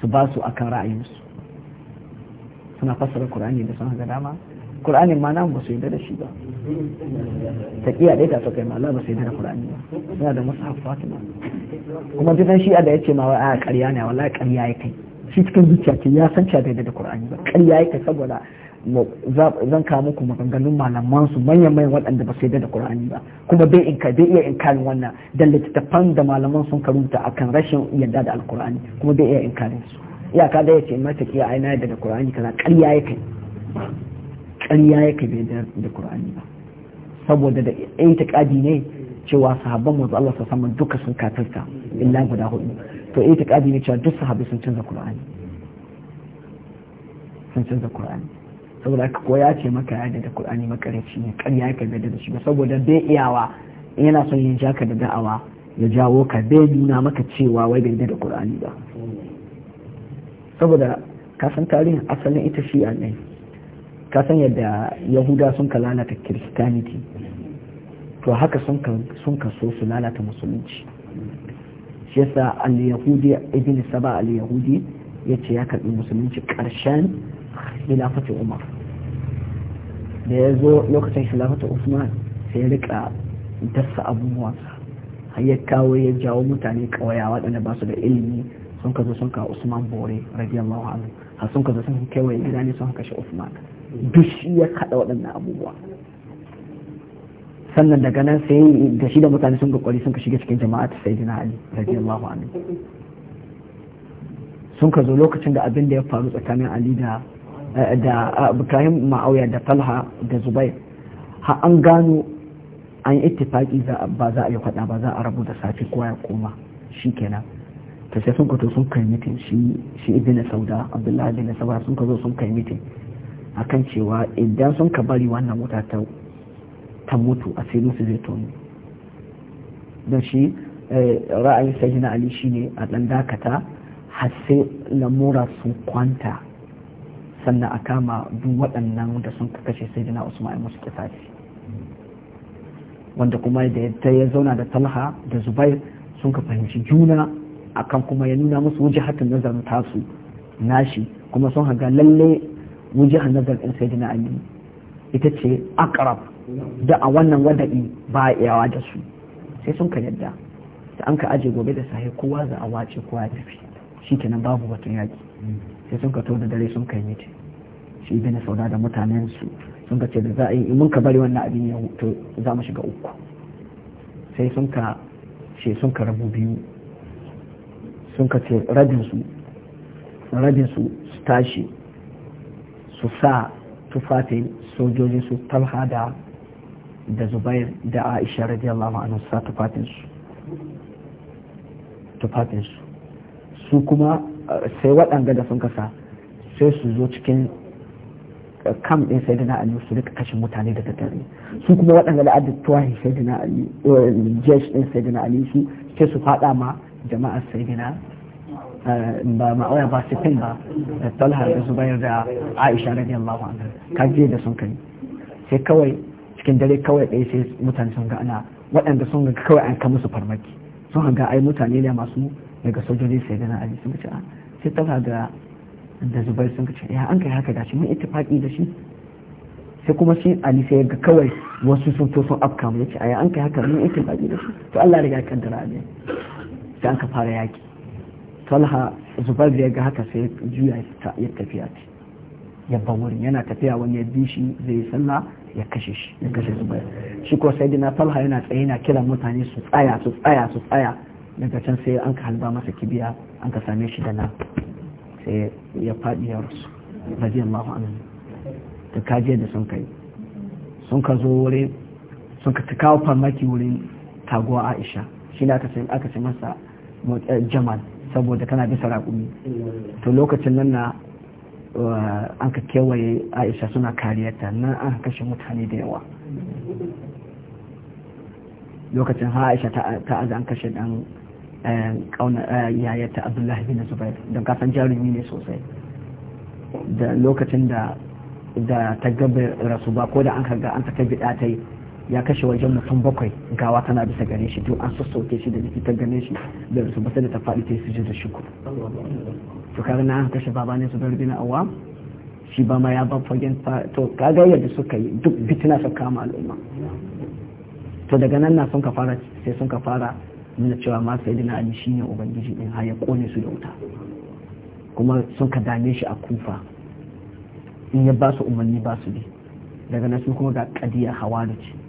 su ba su akan ra'ayinsu suna fassara qur'ani da sun ga dama qur'anin ma nan ba su yadda da shi ba Ta kiya dai ta so kai ma ba su yadda da qur'ani ba suna da mushaf fatima kuma duk shi da yace ma wai a ƙarya ne wallahi ƙarya yake shi cikin zuciya ce ya san cewa bai da qur'ani ba ƙarya yake saboda zan kawo muku maganganun malaman su manyan manyan waɗanda ba su yadda da Qur'ani ba kuma bai bai iya inkarin wannan da littattafan da malaman sun karunta akan rashin yadda da alkur'ani kuma bai iya inkarin su ya ka da yace mata ki aina da Qur'ani kaza ƙarya yake ƙarya yake bai da Qur'ani ba saboda da itiqadi ne cewa sahabban manzo Allah sallallahu alaihi wasallam duka sun katarta illa guda hudu to itiqadi ne cewa duk sahabbai sun canza Qur'ani sun canza Qur'ani saboda ka koya ce maka ya da Qur'ani makarici ne ƙarya yake bai da shi ba saboda bai iyawa yana son yin jaka da da'awa ya jawo ka bai nuna maka cewa wai bai da Qur'ani ba saboda kasan tarihin asalin ita shi ne kasan yadda yahuda sun ka lalata kiristaniti to haka sun ka so su lalata musulunci shi yasa al-yahudi ibn saba al-yahudi ya ce ya karbi musulunci karshen hilafatu umar da ya zo lokacin hilafatu usman sai rika dasa abubuwa har ya kawo ya jawo mutane kawaya waɗanda ba su da ilimi sun ka zo sun ka Usman Bore radiyallahu anhu har sun ka zo sun kewaye gida ne sun kashe Usman duk shi ya kada waɗannan abubuwa sannan daga nan sai da shi da mutane sun kokari sun ka shiga cikin jama'a ta sayyidina Ali radiyallahu anhu sun ka zo lokacin da abin da ya faru tsakanin Ali da eh, da ah, Ibrahim Ma'auya da Talha da Zubair har an gano an ittifaki ba za a yi faɗa ba za a rabu da safi kowa ya koma shikenan ta sai sun kato sun kai mitin shi na sauda abdullahi na sauda sun kato sun kai mitin kan cewa idan sun ka bari wannan wuta ta mutu a sai su zai toni don shi eh, ra'ayin saidina ali shi ne a ɗan dakata har sai lamura sun kwanta sannan a kama duk waɗannan da sun ka kashe sajina usman musu kifafi wanda kuma da ya zauna da talha da zubair sun ka fahimci juna akan kuma ya nuna musu wujahatun nazar tasu nashi kuma sun haga lalle wujahan nazar sai sayyidina ali ita ce akrab da a wannan wada'i ba yawa da su sai sun ka yadda da an ka aje gobe da sahi kowa za a wace kowa ya tafi kenan babu batun yaki sai sun ka to da dare sun kai miti shi na sauda da mutanen su sun ka ce da za a yi mun ka bari wannan abin ya to za mu shiga uku sai sun ka ce sun ka rabu biyu sun ka ce rabinsu rabinsu su tashi su sa tufafin sojojinsu talha da da zubair da aisha radiyallahu anhu sa tufafinsu tufafinsu su kuma eh, sai waɗanga da sun kasa sai su zo cikin kam eh, ɗin sai dina aliyu su rika kashe mutane da tattare su kuma waɗanda da adda tuwahi sai dina aliyu eh, jesh ɗin sai dina su sai su faɗa ma jama'ar sayyidina ba ma'auya ba sittin ba talha da bayar da aisha radiyallahu anha kaje da sun kai sai kawai cikin dare kawai ɗaya sai mutane sun ga ana waɗanda sun ga kawai an kama su farmaki sun hanga ai mutane ne masu daga sojoji sai dana ali sun ce sai talha da da zubair sun ce ya an kai haka shi? mun ittifaqi da shi sai kuma shi ali sai ga kawai wasu sun to sun afka mu yace ai an kai haka mun ittifaqi da shi to Allah ya riga kaddara ne. sai an ka fara yaƙi talha zubar da ga haka sai juya ya tafiya ce ya wurin yana tafiya wani ya bi shi zai yi sallah ya kashe shi ya kashe zubar shi ko sai dina talha yana tsaye yana kiran mutane su tsaya su tsaya su tsaya daga can sai an ka halba masa kibiya an ka same shi da nan sai ya faɗi ya rusu rasu radiyallahu anhu da kajiyar da sun kai sun ka zo wurin sun ka kawo farmaki wurin taguwa aisha shi ne aka ce masa jamal saboda kana bisa raƙumi to lokacin nan na eh, an ka kewaye aisha suna kariyarta nan an kashe mutane da yawa lokacin ha aisha ta aza an kashe dan eh, eh, yayarta abdullahi bin zubair don kasan jarumi ne sosai da lokacin da ta gaba rasu ba ko da an ga an ta kai bida ta yi ya kashe wajen mutum bakwai gawa tana bisa gare shi to an sassauke shi da likitan gane shi da su basa da ta faɗi ta yi da shuku to kaga na kashe baba ne su bar bin awa shi ba ma ya ba fagen to kaga yadda suka yi duk bitina su kama al'umma to daga nan na sun ka fara sai sun ka fara nuna cewa ma sai dina ali shine ubangiji din har ya kone su da wuta kuma sun ka dame shi a kufa in ya ba su umarni ba su bi daga nan sun kuma ga kadiya hawa da ce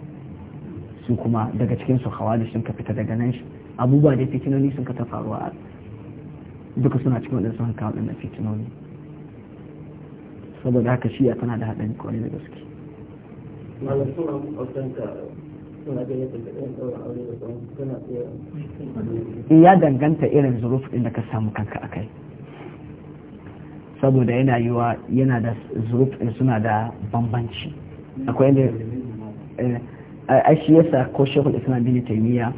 su kuma daga cikin su hawali sun ka fita daga nan shi abubuwa da fitinoni sun ka ta faruwa a duka suna cikin waɗansu hankali waɗannan fitinoni saboda haka ya tana da haɗari kwarai da gaske eh, ya danganta irin zuruf ɗin da ka samu kanka a kai saboda yana yiwa yana da zuruf ɗin suna da bambanci akwai inda eh, a shi yasa ko shekul islam bin taimiyya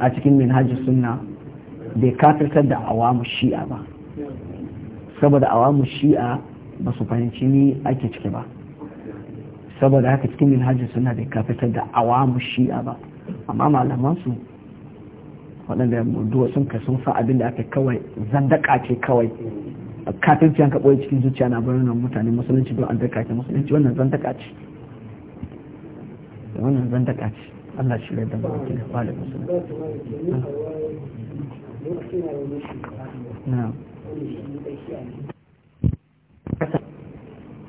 a cikin hajji sunna bai kafirtar da awamu shi'a ba saboda awamu shi'a ba su fahimci ni ake ciki ba saboda haka cikin hajji sunna bai kafirtar da awamu shi'a ba amma malaman su waɗanda duwa sun ka sun sa abin da aka kawai zandaka ce kawai kafirci an ka ɓoye cikin zuciya na bayanan mutane musulunci don an zaka ce musulunci wannan zandaka ce wannan zan daka ce Allah shi da dan wakil wa alaikum salam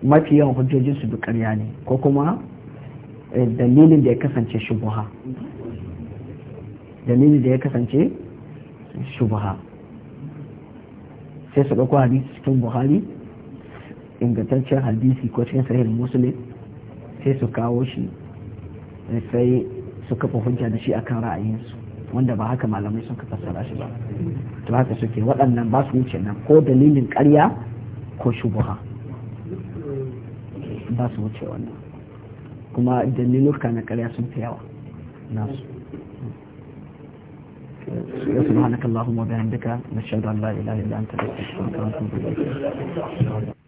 mafi yawan hujjojin su duk ƙarya ne ko kuma eh, dalilin da ya kasance shubuha dalilin da ya kasance shubuha sai su ɗauko hadisi cikin buhari ingantaccen hadisi ko cikin sahih muslim sai su kawo shi sai suka fi hujja da shi akan ra'ayinsu wanda ba haka malamai sun sara shi ba to haka suke waɗannan ba su wuce nan ko dalilin ƙarya ko shubuha ba su wuce wannan kuma dalilurka na ƙarya sun fi yawa nasu سبحانك اللهم وبحمدك نشهد ان لا اله الا انت نستغفرك ونتوب اليك